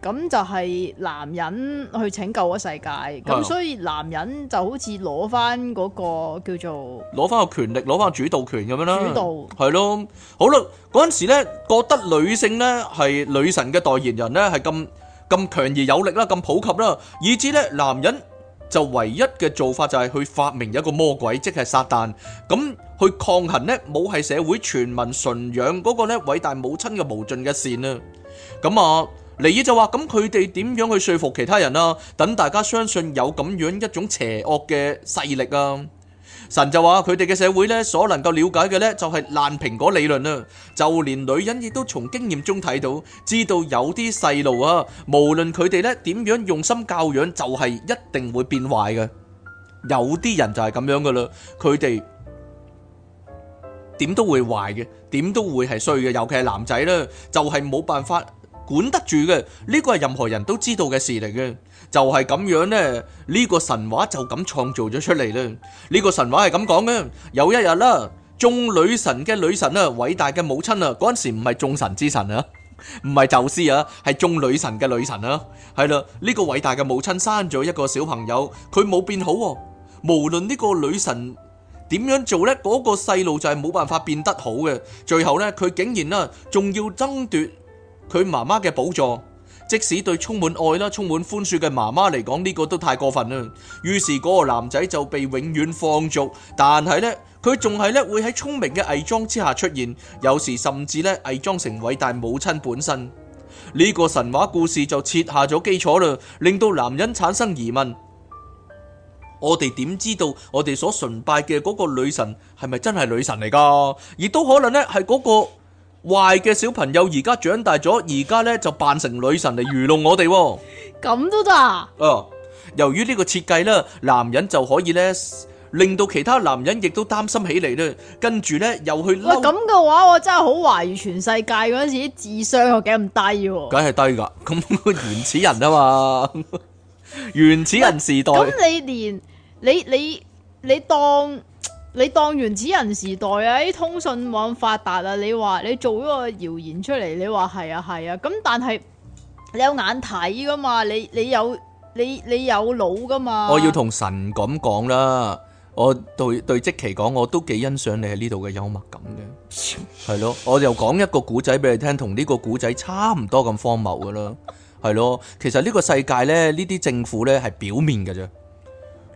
咁就係男人去拯救個世界，咁所以男人就好似攞翻嗰個叫做，攞翻個權力，攞翻個主導權咁樣咯，主導，係咯，好啦，嗰陣時呢覺得女性呢係女神嘅代言人呢係咁。咁強而有力啦，咁普及啦，以至咧男人就唯一嘅做法就係去發明一個魔鬼，即係撒旦，咁去抗衡呢，冇係社會全民信仰嗰個呢偉大母親嘅無盡嘅善啦。咁啊，尼爾就話咁佢哋點樣去說服其他人啊？等大家相信有咁樣一種邪惡嘅勢力啊？神就話佢哋嘅社會咧，所能夠了解嘅，咧就係爛蘋果理論啦，就連女人亦都從經驗中睇到，知道有啲細路啊，無論佢哋咧點樣用心教養，就係一定會變壞嘅。有啲人就係咁樣噶啦，佢哋點都會壞嘅，點都會係衰嘅，尤其係男仔咧，就係冇辦法。管得住嘅呢個係任何人都知道嘅事嚟嘅，就係咁樣咧。呢個神話就咁創造咗出嚟咧。呢個神話係咁講嘅：有一日啦，眾女神嘅女神啊，偉大嘅母親啊，嗰陣時唔係眾神之神啊，唔係宙斯啊，係眾女神嘅女神啊。係啦，呢個偉大嘅母親生咗一個小朋友，佢冇變好。無論呢個女神點樣做咧，嗰個細路就係冇辦法變得好嘅。最後咧，佢竟然啦，仲要爭奪。佢媽媽嘅寶座，即使對充滿愛啦、充滿寬恕嘅媽媽嚟講，呢個都太過分啦。於是嗰個男仔就被永遠放逐，但係呢，佢仲係咧會喺聰明嘅偽裝之下出現，有時甚至咧偽裝成偉大母親本身。呢個神話故事就設下咗基礎啦，令到男人產生疑問：我哋點知道我哋所崇拜嘅嗰個女神係咪真係女神嚟噶？亦都可能咧係嗰個。壞嘅小朋友而家長大咗，而家咧就扮成女神嚟愚弄我哋。咁都得？啊，嗯、由於呢個設計啦，男人就可以咧令到其他男人亦都擔心起嚟啦。跟住咧又去撈。喂，咁嘅話我真係好懷疑全世界嗰陣時智商係幾咁低、啊。梗係低㗎，咁原始人啊嘛， *laughs* 原始人時代。咁你連你你你，你當？你當原始人時代啊，啲通訊冇咁發達啊，你話你做嗰個謠言出嚟，你話係啊係啊，咁但係你有眼睇噶嘛，你你有你你有腦噶嘛？我要同神咁講啦，我對對積奇講，我都幾欣賞你喺呢度嘅幽默感嘅，係咯， *laughs* 我就講一個古仔俾你聽，同呢個古仔差唔多咁荒謬噶啦，係咯，其實呢個世界咧，呢啲政府咧係表面噶啫。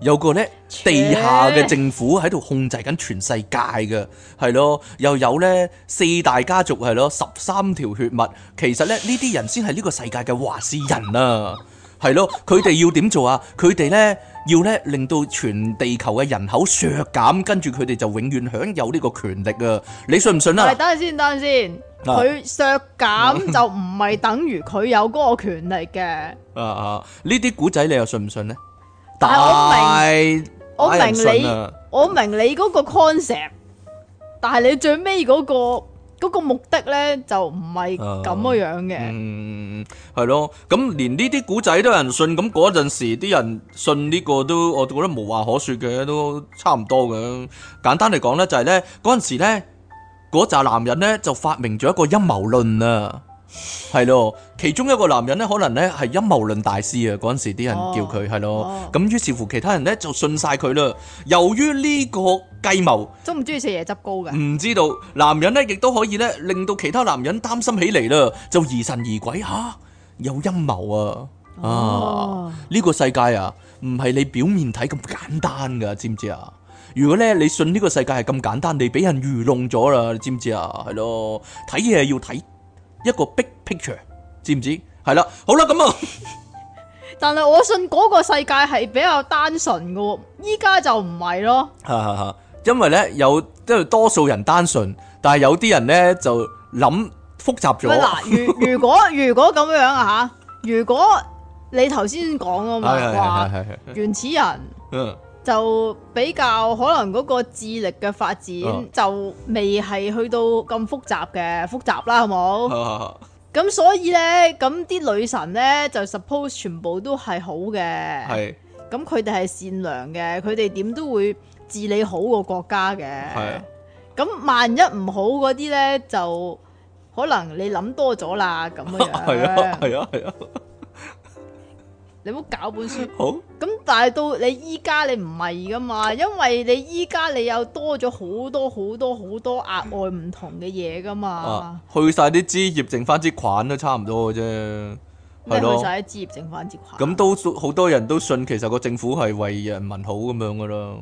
有個咧地下嘅政府喺度控制緊全世界嘅，係咯，又有咧四大家族係咯，十三條血脈，其實咧呢啲人先係呢個世界嘅話事人啊，係咯，佢哋要點做啊？佢哋咧要咧令到全地球嘅人口削減，跟住佢哋就永遠享有呢個權力啊！你信唔信啊？係等陣先，等陣先，佢削減就唔係等於佢有嗰個權力嘅、啊。啊啊！呢啲古仔你又信唔信咧、啊？但係我明，我明你，我明你嗰個 concept，但係你最尾嗰個嗰個目的咧就唔係咁嘅樣嘅。嗯，係咯，咁連呢啲古仔都有人信，咁嗰陣時啲人信呢個都，我覺得無話可說嘅，都差唔多嘅。簡單嚟講咧，就係咧嗰陣時咧嗰紮男人咧就發明咗一個陰謀論啊！係咯，其中一個男人咧，可能咧係陰謀論大師啊！嗰陣時啲人叫佢係咯，咁於、哦、是乎其他人咧就信晒佢啦。由於呢個計謀，中唔中意食椰汁糕㗎？唔知道，男人咧亦都可以咧令到其他男人擔心起嚟啦，就疑神疑鬼吓，有陰謀啊！啊，呢、啊哦啊呢個世界啊，唔係你表面睇咁簡單噶，知唔知啊？如果咧你信呢個世界係咁簡單，你俾人愚弄咗啦，你知唔知啊？係咯，睇嘢要睇。一個 big picture，知唔知？係啦，好啦，咁啊，但係我信嗰個世界係比較單純噶，依家就唔係咯。吓吓吓，因為咧有即係多數人單純，但係有啲人咧就諗複雜咗。嗱 *laughs* 如果如果如果咁樣啊吓，如果你頭先講啊嘛，係係係，原始人嗯。就比較可能嗰個智力嘅發展、啊、就未係去到咁複雜嘅複雜啦，好冇？咁、啊、所以呢，咁啲女神呢，就 suppose 全部都係好嘅。咁是，佢哋係善良嘅，佢哋點都會治理好個國家嘅。咁、啊，萬一唔好嗰啲呢，就可能你諗多咗啦，咁樣。係啊，係啊，係啊。你冇搞本書，好咁，但係到你依家你唔係噶嘛，因為你依家你又多咗好多好多好多額外唔同嘅嘢噶嘛，啊、去晒啲枝葉，剩翻支菌都差唔多嘅啫，係咯麼，了去曬啲枝葉，剩翻支菌，咁都好多人都信，其實個政府係為人民好咁樣噶啦。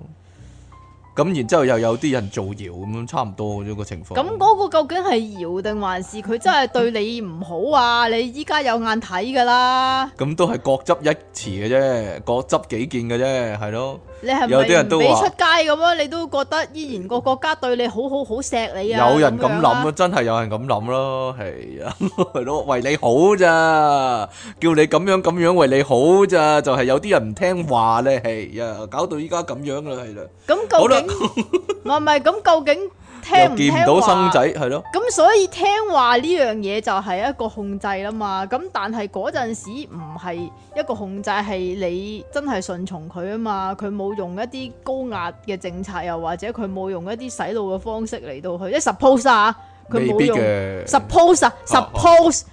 咁然之後又有啲人造謠咁樣，差唔多咁樣個情況。咁嗰個究竟係謠定還是佢真係對你唔好啊？ *laughs* 你依家有眼睇噶啦。咁都係各執一詞嘅啫，各執己見嘅啫，係咯。你係咪有啲人都唔俾出街咁啊！你都覺得依然個國家對你好好好錫你啊！有人咁諗啊，真係有人咁諗咯，係啊，係咯，為你好咋，叫你咁樣咁樣為你好咋，就係有啲人唔聽話咧，係啊，搞到依家咁樣啦，係啦。咁究竟，我唔係咁究竟？聽聽又唔到生仔係咯，咁所以聽話呢樣嘢就係一個控制啦嘛。咁但係嗰陣時唔係一個控制，係你真係順從佢啊嘛。佢冇用一啲高壓嘅政策，又或者佢冇用一啲洗腦嘅方式嚟到去。即係、啊、suppose 啊，佢冇用。suppose，suppose、啊、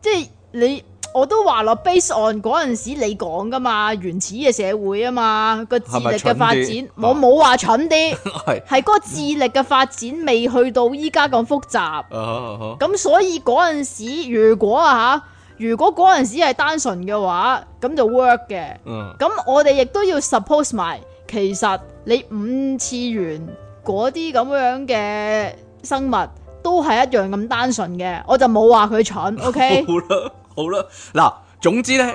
即係你。我都話落 base on 嗰陣時你講㗎嘛，原始嘅社會啊嘛，個智力嘅發展，我冇話蠢啲，係 *laughs* 個智力嘅發展未去到依家咁複雜，咁、uh huh, uh huh. 所以嗰陣時如果啊吓，如果嗰陣、啊、時係單純嘅話，咁就 work 嘅，咁、uh huh. 我哋亦都要 suppose 埋，其實你五次元嗰啲咁樣嘅生物都係一樣咁單純嘅，我就冇話佢蠢、uh huh.，ok。 *laughs* 好啦，嗱，總之呢，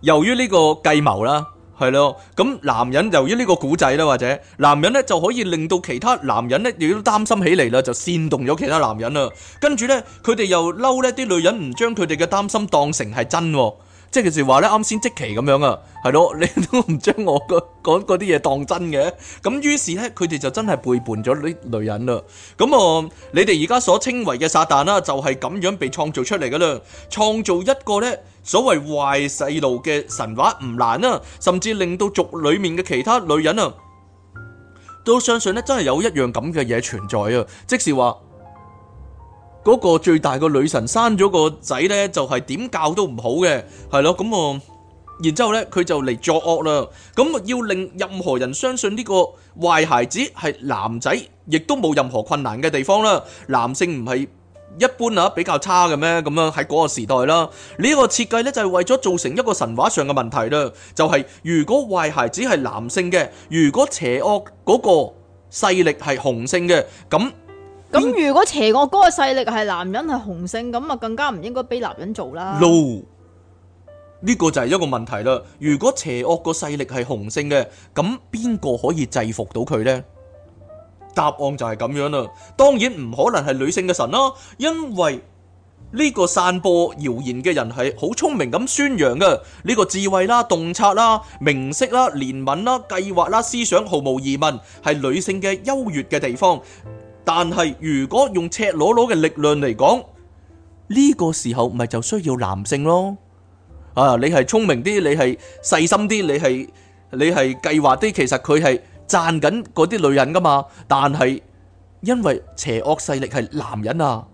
由於呢個計謀啦，係咯，咁男人由於呢個古仔啦，或者男人呢就可以令到其他男人呢，亦都擔心起嚟啦，就煽動咗其他男人啦，跟住呢，佢哋又嬲呢啲女人唔將佢哋嘅擔心當成係真啊。即係平時話咧，啱先即期咁樣啊，係咯，你都唔將我講嗰啲嘢當真嘅，咁於是咧，佢哋就真係背叛咗啲女人啦。咁、嗯、啊，你哋而家所稱為嘅撒旦啦，就係咁樣被創造出嚟噶啦，創造一個咧所謂壞細路嘅神話唔難啊，甚至令到族裏面嘅其他女人啊，都相信咧真係有一樣咁嘅嘢存在啊，即是話。嗰個最大個女神生咗個仔咧，就係點教都唔好嘅，係咯咁啊。然之後咧，佢就嚟作惡啦。咁要令任何人相信呢個壞孩子係男仔，亦都冇任何困難嘅地方啦。男性唔係一般啊，比較差嘅咩？咁啊喺嗰個時代啦，呢個設計咧就係為咗造成一個神話上嘅問題啦。就係如果壞孩子係男性嘅，如果邪惡嗰個勢力係雄性嘅，咁。咁如果邪惡個勢力係男人係雄性，咁啊更加唔應該俾男人做啦。No，呢個就係一個問題啦。如果邪惡個勢力係雄性嘅，咁邊個可以制服到佢呢？答案就係咁樣啦。當然唔可能係女性嘅神啦，因為呢個散播謠言嘅人係好聰明咁宣揚嘅，呢個智慧啦、洞察啦、明晰啦、憐憫啦、計劃啦、思想毫無疑問係女性嘅優越嘅地方。但係如果用赤裸裸嘅力量嚟講，呢個時候咪就需要男性咯。啊，你係聰明啲，你係細心啲，你係你係計劃啲，其實佢係讚緊嗰啲女人噶嘛。但係因為邪惡勢力係男人啊，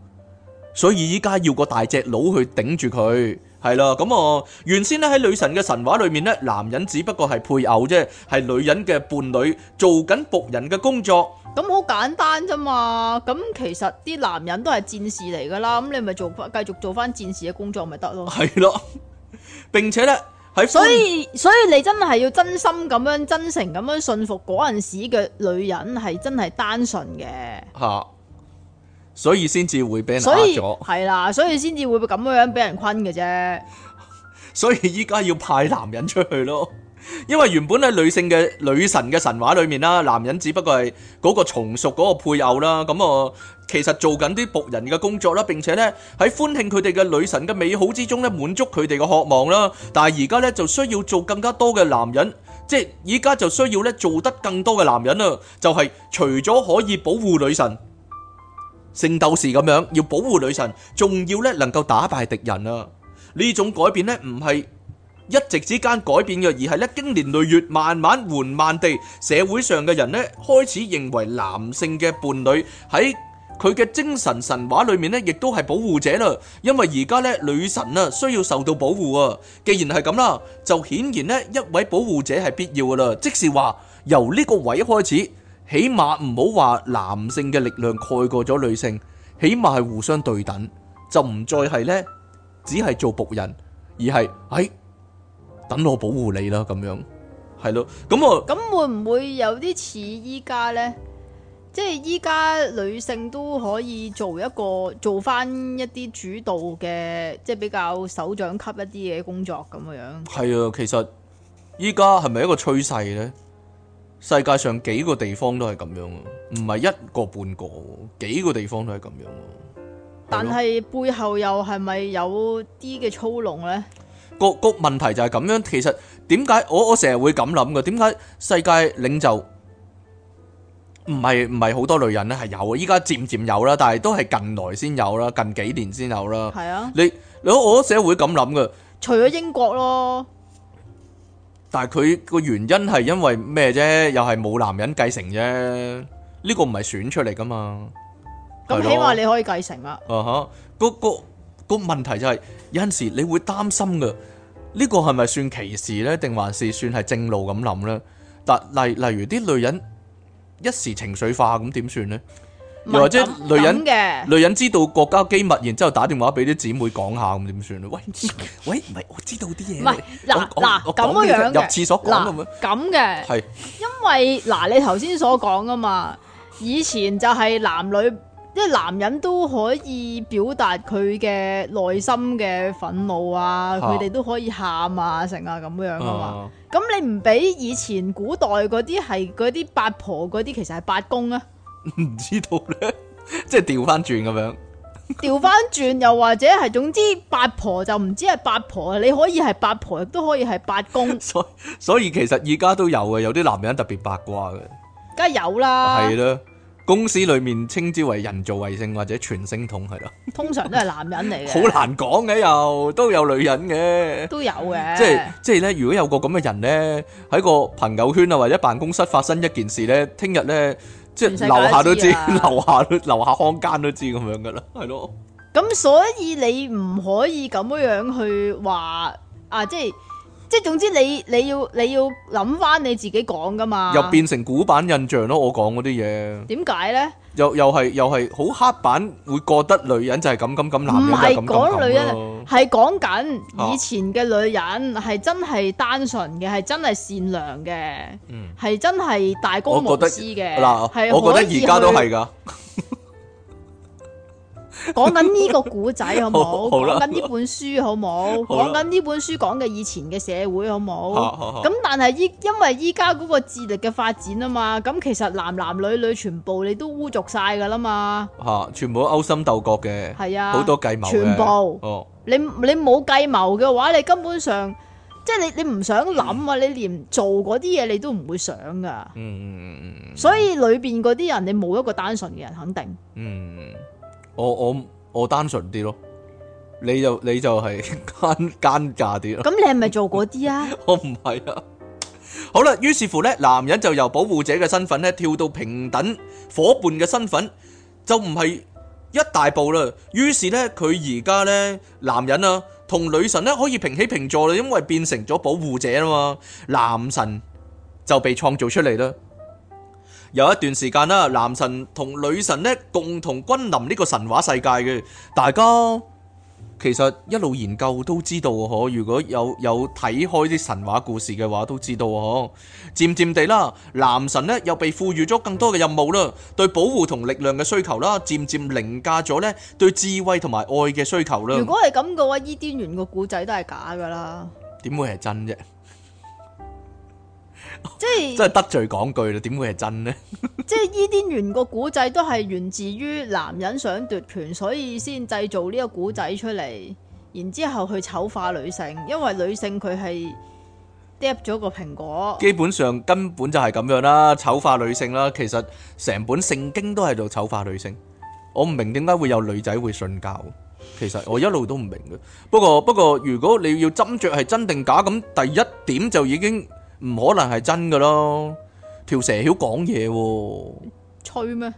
所以依家要個大隻佬去頂住佢。係啦，咁啊、嗯，原先咧喺女神嘅神話裏面咧，男人只不過係配偶啫，係女人嘅伴侶，做緊僕人嘅工作，咁好簡單啫嘛。咁其實啲男人都係戰士嚟㗎啦，咁你咪做翻繼續做翻戰士嘅工作咪得咯。係咯。並且咧，喺所以所以你真係要真心咁樣、真誠咁樣信服嗰陣時嘅女人係真係單純嘅。嚇。所以先至會俾人呃咗，係啦，所以先至會咁樣樣俾人昆嘅啫。所以依家要派男人出去咯，因為原本喺女性嘅女神嘅神話裏面啦，男人只不過係嗰個從屬嗰個配偶啦，咁啊，其實做緊啲僕人嘅工作啦，並且咧喺歡慶佢哋嘅女神嘅美好之中咧，滿足佢哋嘅渴望啦。但係而家咧就需要做更加多嘅男人，即係依家就需要咧做得更多嘅男人啊，就係除咗可以保護女神。聖鬥士咁樣要保護女神，仲要咧能夠打敗敵人啊！呢種改變咧唔係一直之間改變嘅，而係咧經年累月，慢慢緩慢地，社會上嘅人咧開始認為男性嘅伴侶喺佢嘅精神神話裏面咧，亦都係保護者啦。因為而家咧女神啊需要受到保護啊，既然係咁啦，就顯然咧一位保護者係必要噶啦，即是話由呢個位開始。起碼唔好話男性嘅力量蓋過咗女性，起碼係互相對等，就唔再係呢，只係做僕人，而係喺、哎、等我保護你啦咁樣，係咯，咁我咁會唔會有啲似依家呢？即係依家女性都可以做一個做翻一啲主導嘅，即係比較首長級一啲嘅工作咁嘅樣。係啊，其實依家係咪一個趨勢呢？世界上幾個地方都係咁樣啊，唔係一個半個，幾個地方都係咁樣咯。但係背後又係咪有啲嘅操弄咧？個個問題就係咁樣。其實點解我我成日會咁諗嘅？點解世界領袖唔係唔係好多女人咧？係有依家漸漸有啦，但係都係近來先有啦，近幾年先有啦。係啊，你我我成日會咁諗嘅，除咗英國咯。但係佢個原因係因為咩啫？又係冇男人繼承啫？呢、這個唔係選出嚟噶嘛？咁、嗯、的起碼你可以繼承啦。啊哈、uh，嗰個個問題就係、是、有陣時你會擔心噶，呢、這個係咪算歧視呢？定還是算係正路咁諗呢？但例例如啲女人一時情緒化咁點算呢？又或者女人，嘅女人知道國家機密，然之後打電話俾啲姊妹講下，咁點算咧？喂喂，唔係我知道啲嘢。唔係，嗱嗱咁樣樣入廁所講咁嘅，係因為嗱你頭先所講噶嘛，以前就係男女，即係男人都可以表達佢嘅內心嘅憤怒啊，佢哋都可以喊啊，成啊咁樣噶嘛。咁你唔俾以前古代嗰啲係嗰啲八婆嗰啲，其實係八公啊？唔知道咧，即係調翻轉咁樣，調翻轉又或者係，總之八婆就唔知係八婆，你可以係八婆，亦都可以係八公。所以所以其實而家都有嘅，有啲男人特別八卦嘅，梗係有啦。係啦，公司裏面稱之為人造衛星或者傳聲筒係咯，通常都係男人嚟嘅，好 *laughs* 難講嘅又都有女人嘅，都有嘅。即係即係咧，如果有個咁嘅人咧，喺個朋友圈啊或者辦公室發生一件事咧，聽日咧。即係樓下都知，樓下都樓下空間都知咁樣噶啦，係咯。咁所以你唔可以咁樣樣去話啊，即係即係總之你你要你要諗翻你自己講噶嘛，又變成古板印象咯。我講嗰啲嘢，點解咧？又又係又係好刻板，會覺得女人就係咁咁咁，男人就咁咁咁咯。唔係講女人，係講緊以前嘅女人是是，係、啊、真係單純嘅，係真係善良嘅，係、嗯、真係大公無私嘅嗱。我覺得而家都係噶。講緊呢個古仔好冇？講緊呢本書好冇？講緊呢本書講嘅以前嘅社會好冇？咁但係依因為依家嗰個智力嘅發展啊嘛，咁其實男男女女全部你都污濁晒噶啦嘛。吓，全部都勾心鬥角嘅，係啊，好多計謀。全部、哦、你你冇計謀嘅話，你根本上即係、就是、你你唔想諗啊，嗯、你連做嗰啲嘢，你都唔會想噶。嗯嗯嗯嗯，所以裏邊嗰啲人，你冇一個單純嘅人，肯定。嗯。我我我單純啲咯，你就你就係奸奸詐啲咯。咁 *laughs* 你係咪做過啲啊？ *laughs* 我唔係啊。好啦，於是乎咧，男人就由保護者嘅身份咧跳到平等伙伴嘅身份，就唔係一大步啦。於是咧，佢而家咧，男人啊，同女神咧可以平起平坐啦，因為變成咗保護者啊嘛，男神就被創造出嚟啦。有一段時間啦，男神同女神咧共同君臨呢個神話世界嘅。大家其實一路研究都知道啊，如果有有睇開啲神話故事嘅話，都知道啊，可漸漸地啦，男神咧又被賦予咗更多嘅任務啦，對保護同力量嘅需求啦，漸漸凌駕咗咧對智慧同埋愛嘅需求啦。如果係咁嘅話，伊甸園個古仔都係假噶啦。點會係真啫？即係，得罪講句啦，點會係真呢？ *laughs* 即係伊甸園個古仔都係源自於男人想奪權，所以先製造呢個古仔出嚟，然之後去醜化女性，因為女性佢係跌咗個蘋果。基本上根本就係咁樣啦，醜化女性啦。其實成本聖經都係做醜化女性。我唔明點解會有女仔會信教。其實我一路都唔明嘅。不過不過，如果你要斟酌係真定假，咁第一點就已經。唔可能係真噶咯，條蛇曉講嘢喎，吹咩？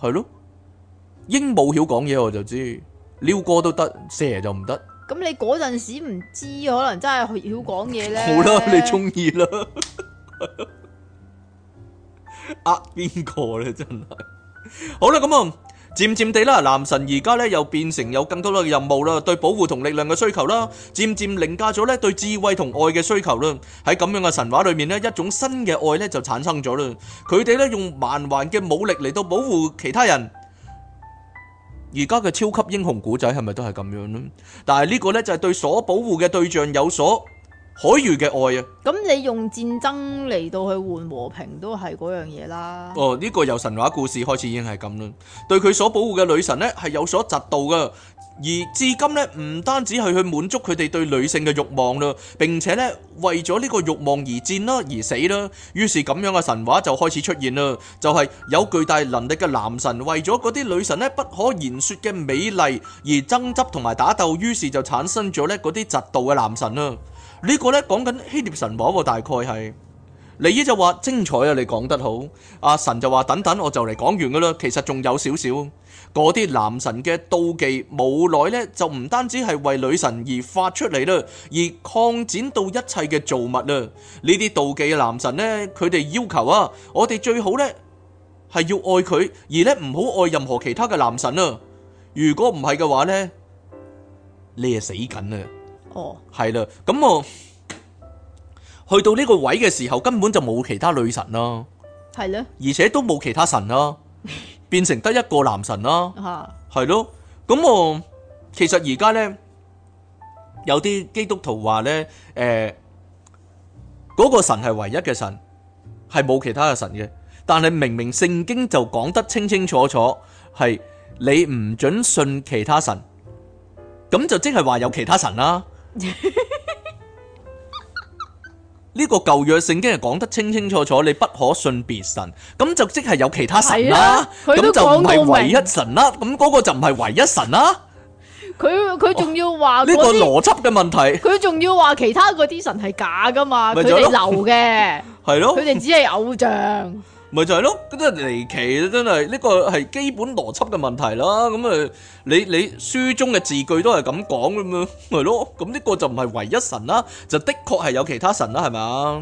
係咯，鸚鵡曉講嘢我就知，撩哥都得，蛇就唔得。咁你嗰陣時唔知，可能真係蛇曉講嘢咧。好啦，你中意啦，呃邊個咧？真係，好啦，咁啊。漸漸地啦，男神而家咧又變成有更多嘅任務啦，對保護同力量嘅需求啦，漸漸凌駕咗咧對智慧同愛嘅需求啦。喺咁樣嘅神話裏面咧，一種新嘅愛咧就產生咗啦。佢哋咧用蠻橫嘅武力嚟到保護其他人。而家嘅超級英雄古仔係咪都係咁樣咧？但係呢個咧就係對所保護嘅對象有所。海魚嘅愛啊，咁你用戰爭嚟到去換和平，都係嗰樣嘢啦。哦，呢個由神話故事開始已經係咁啦。對佢所保護嘅女神呢，係有所嫉妒噶。而至今呢，唔單止係去滿足佢哋對女性嘅慾望啦，並且呢為咗呢個慾望而戰啦，而死啦。於是咁樣嘅神話就開始出現啦，就係有巨大能力嘅男神為咗嗰啲女神呢不可言說嘅美麗而爭執同埋打鬥，於是就產生咗呢嗰啲嫉妒嘅男神啦。呢個咧講緊希臘神話喎，大概係李姨就話精彩啊，你講得好。阿、啊、神就話等等，我就嚟講完噶啦。其實仲有少少，嗰啲男神嘅妒忌，冇耐咧就唔單止係為女神而發出嚟啦，而擴展到一切嘅造物啦。呢啲妒忌嘅男神咧，佢哋要求啊，我哋最好咧係要愛佢，而咧唔好愛任何其他嘅男神啊。如果唔係嘅話咧，你係死緊啊！哦，係啦，咁我去到呢個位嘅時候，根本就冇其他女神啦，係咧，而且都冇其他神啦，變成得一個男神啦，係咯、啊，咁我其實而家呢，有啲基督徒話呢，誒、呃，嗰個神係唯一嘅神，係冇其他嘅神嘅，但係明明聖經就講得清清楚楚，係你唔准信其他神，咁就即係話有其他神啦。呢 *laughs* 個舊約聖經係講得清清楚楚，你不可信別神，咁就即係有其他神啦。咁、啊，就唔係唯一神啦。咁嗰 *laughs* 個就唔係唯一神啦。佢佢仲要話呢，哦這個邏輯嘅問題。佢仲要話其他嗰啲神係假㗎嘛，佢哋流嘅係咯，佢哋 *laughs* 咯只係偶像。咪就係咯，真係離奇，真係呢個係基本邏輯嘅問題啦。咁啊，你你書中嘅字句都係咁講噶嘛，係咯。咁呢個就唔係唯一神啦，就的確係有其他神啦，係咪啊？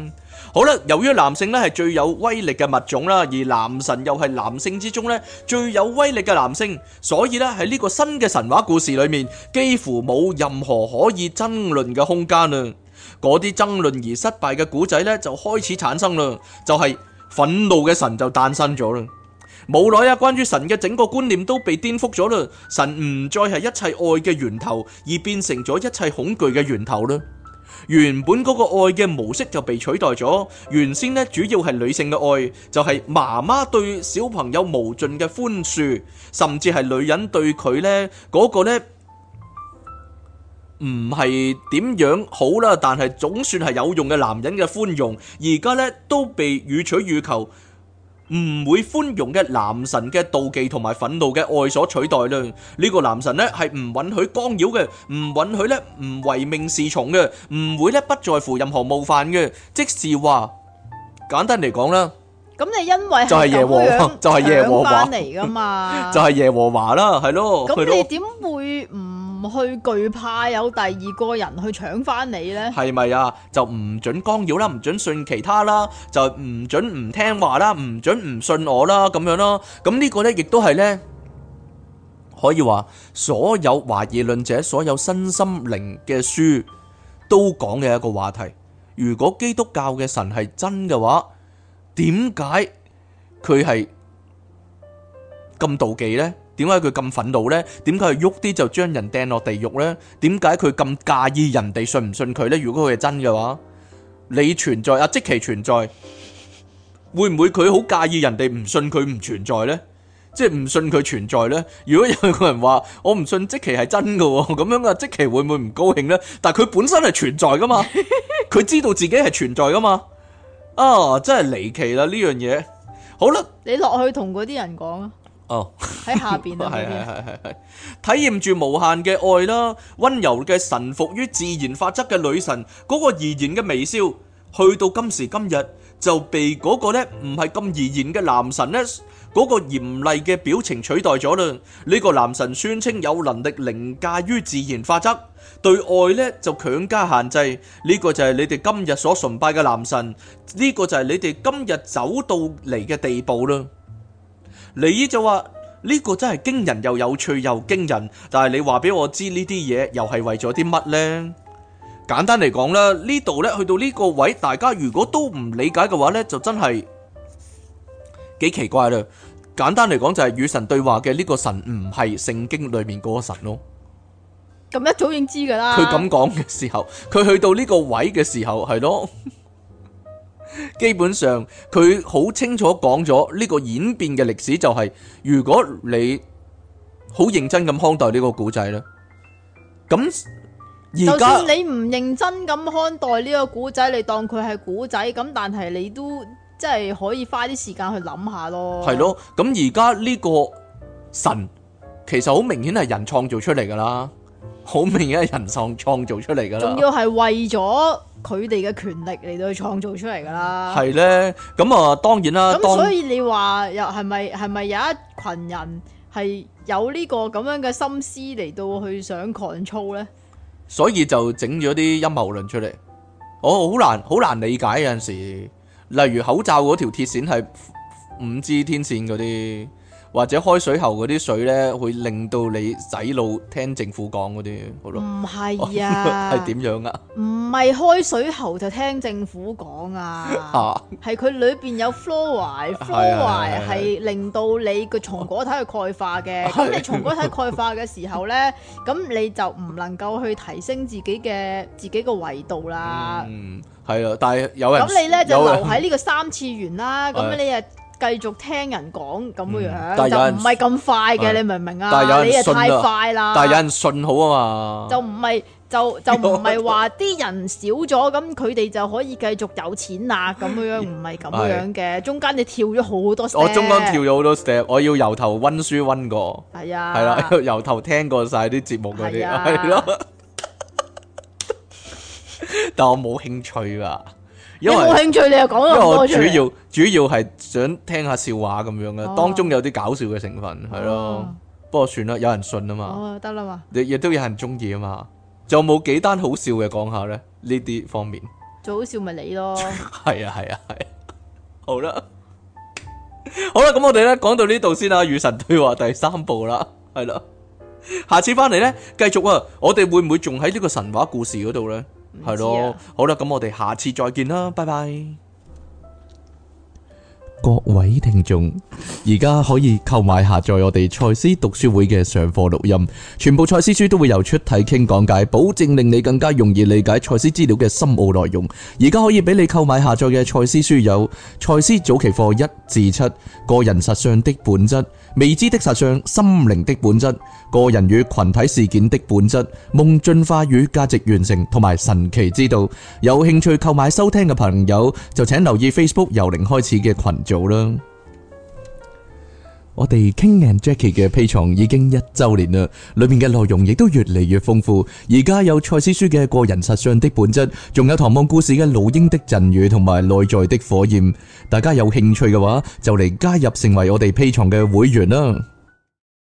好啦，由於男性咧係最有威力嘅物種啦，而男神又係男性之中咧最有威力嘅男性，所以咧喺呢個新嘅神話故事裏面，幾乎冇任何可以爭論嘅空間啊。嗰啲爭論而失敗嘅古仔咧，就開始產生啦，就係。憤怒嘅神就誕生咗啦，冇耐啊，關於神嘅整個觀念都被顛覆咗啦，神唔再係一切愛嘅源頭，而變成咗一切恐懼嘅源頭啦。原本嗰個愛嘅模式就被取代咗，原先呢，主要係女性嘅愛，就係、是、媽媽對小朋友無盡嘅寬恕，甚至係女人對佢呢嗰、那個呢。唔係點樣好啦，但係總算係有用嘅男人嘅寬容，而家咧都被予取予求唔會寬容嘅男神嘅妒忌同埋憤怒嘅愛所取代啦。呢個男神咧係唔允許干擾嘅，唔允許咧唔唯命是從嘅，唔會咧不在乎任何冒犯嘅。即是話，簡單嚟講啦，咁你因為係咁樣，就係耶和華嚟噶嘛，就係耶和華啦，係咯，咁你點會？去懼怕有第二個人去搶翻你呢，係咪啊？就唔准干擾啦，唔准信其他啦，就唔准唔聽話啦，唔准唔信我啦，咁樣咯。咁呢個呢，亦都係呢，可以話所有懷疑論者、所有身心靈嘅書都講嘅一個話題。如果基督教嘅神係真嘅話，點解佢係咁妒忌呢？點解佢咁憤怒呢？點解佢喐啲就將人掟落地獄呢？點解佢咁介意人哋信唔信佢呢？如果佢係真嘅話，你存在啊？即其存在，會唔會佢好介意人哋唔信佢唔存在呢？即係唔信佢存在呢？如果有個人話我唔信即其係真嘅，咁樣嘅，即其會唔會唔高興呢？但係佢本身係存在噶嘛，佢知道自己係存在噶嘛？啊，真係離奇啦呢樣嘢。好啦，你落去同嗰啲人講啊。哦，喺下邊啊，係係係係係，體驗住無限嘅愛啦，溫柔嘅臣服於自然法則嘅女神，嗰個怡然嘅微笑，去到今時今日就被嗰個咧唔係咁怡然嘅男神咧，嗰個嚴厲嘅表情取代咗啦。呢個男神宣稱有能力凌駕於自然法則，對愛咧就強加限制。呢個就係你哋今日所崇拜嘅男神，呢個就係你哋今日走到嚟嘅地步啦。你姨就話，呢個真係驚人，又有趣又驚人，但係你話俾我知呢啲嘢又係為咗啲乜呢？簡單嚟講啦，呢度呢，去到呢個位，大家如果都唔理解嘅話呢，就真係幾奇怪啦。簡單嚟講就係與神對話嘅呢個神唔係聖經裏面嗰個神咯。咁一早已經知噶啦。佢咁講嘅時候，佢去到呢個位嘅時候係咯。基本上佢好清楚講咗呢個演變嘅歷史就係、是，如果你好認真咁看待呢個古仔咧，咁而家你唔認真咁看待呢個古仔，你當佢係古仔咁，但係你都即係、就是，可以花啲時間去諗下咯。係咯，咁而家呢個神其實好明顯係人創造出嚟噶啦，好明顯係人創創造出嚟噶啦，仲要係為咗。佢哋嘅權力嚟到去創造出嚟噶啦，係、嗯、咧，咁啊當然啦。咁、嗯、當所以你話又係咪係咪有一群人係有呢個咁樣嘅心思嚟到去想 control 咧？所以就整咗啲陰謀論出嚟，我、oh，好難好難理解有陣時，例如口罩嗰條鐵線係五 G 天線嗰啲。或者開水喉嗰啲水咧，會令到你洗腦聽政府講嗰啲，好咯？唔係啊，係點樣啊？唔係開水喉就聽政府講啊，係佢裏邊有 fluoride，fluoride 係令到你個松果體去鈣化嘅。咁你松果體鈣化嘅時候咧，咁你就唔能夠去提升自己嘅自己個維度啦。嗯，係啊，但係有人咁你咧就留喺呢個三次元啦。咁你啊～繼續聽人講咁樣，就唔係咁快嘅，你明唔明啊？你又太快啦！但係有人信好啊嘛，就唔係就就唔係話啲人少咗咁，佢哋就可以繼續有錢啊咁樣，唔係咁樣嘅。中間你跳咗好多 s t 我中間跳咗好多 step，我要由頭溫書溫過，係啊，係啦，由頭聽過晒啲節目嗰啲，係咯。但我冇興趣啊。因為冇興趣，你又講多出，主要主要係想聽下笑話咁樣嘅，哦、當中有啲搞笑嘅成分係咯。哦、了不過算啦，有人信啊嘛，得啦嘛，亦亦都有人中意啊嘛，就冇幾單好笑嘅講下咧。呢啲方面，最好笑咪你咯。係 *laughs* 啊係啊係、啊啊。好啦， *laughs* 好啦，咁我哋咧講到呢度先啦，《與神對話》第三部啦，係啦。下次翻嚟咧，繼續啊！我哋會唔會仲喺呢個神話故事嗰度咧？係咯、啊，好啦，咁我哋下次再見啦，拜拜。各位聽眾，而家可以購買下載我哋塞斯讀書會嘅上課錄音，全部塞斯書都會由出體傾講解，保證令你更加容易理解塞斯資料嘅深奧內容。而家可以俾你購買下載嘅塞斯書有《塞斯早期課一至七》、《個人實相的本質》、《未知的實相》、《心靈的本質》、《個人與群體事件的本質》、《夢進化與價值完成》同埋《神奇之道》。有興趣購買收聽嘅朋友，就請留意 Facebook 由零開始嘅群組做啦！我哋 King and Jackie 嘅 Patreon 已經一周年啦，裏面嘅內容亦都越嚟越豐富。而家有賽斯書嘅個人實相的本質，仲有唐望故事嘅老鷹的贈語同埋內在的火焰。大家有興趣嘅話，就嚟加入成為我哋 Patreon 嘅會員啦！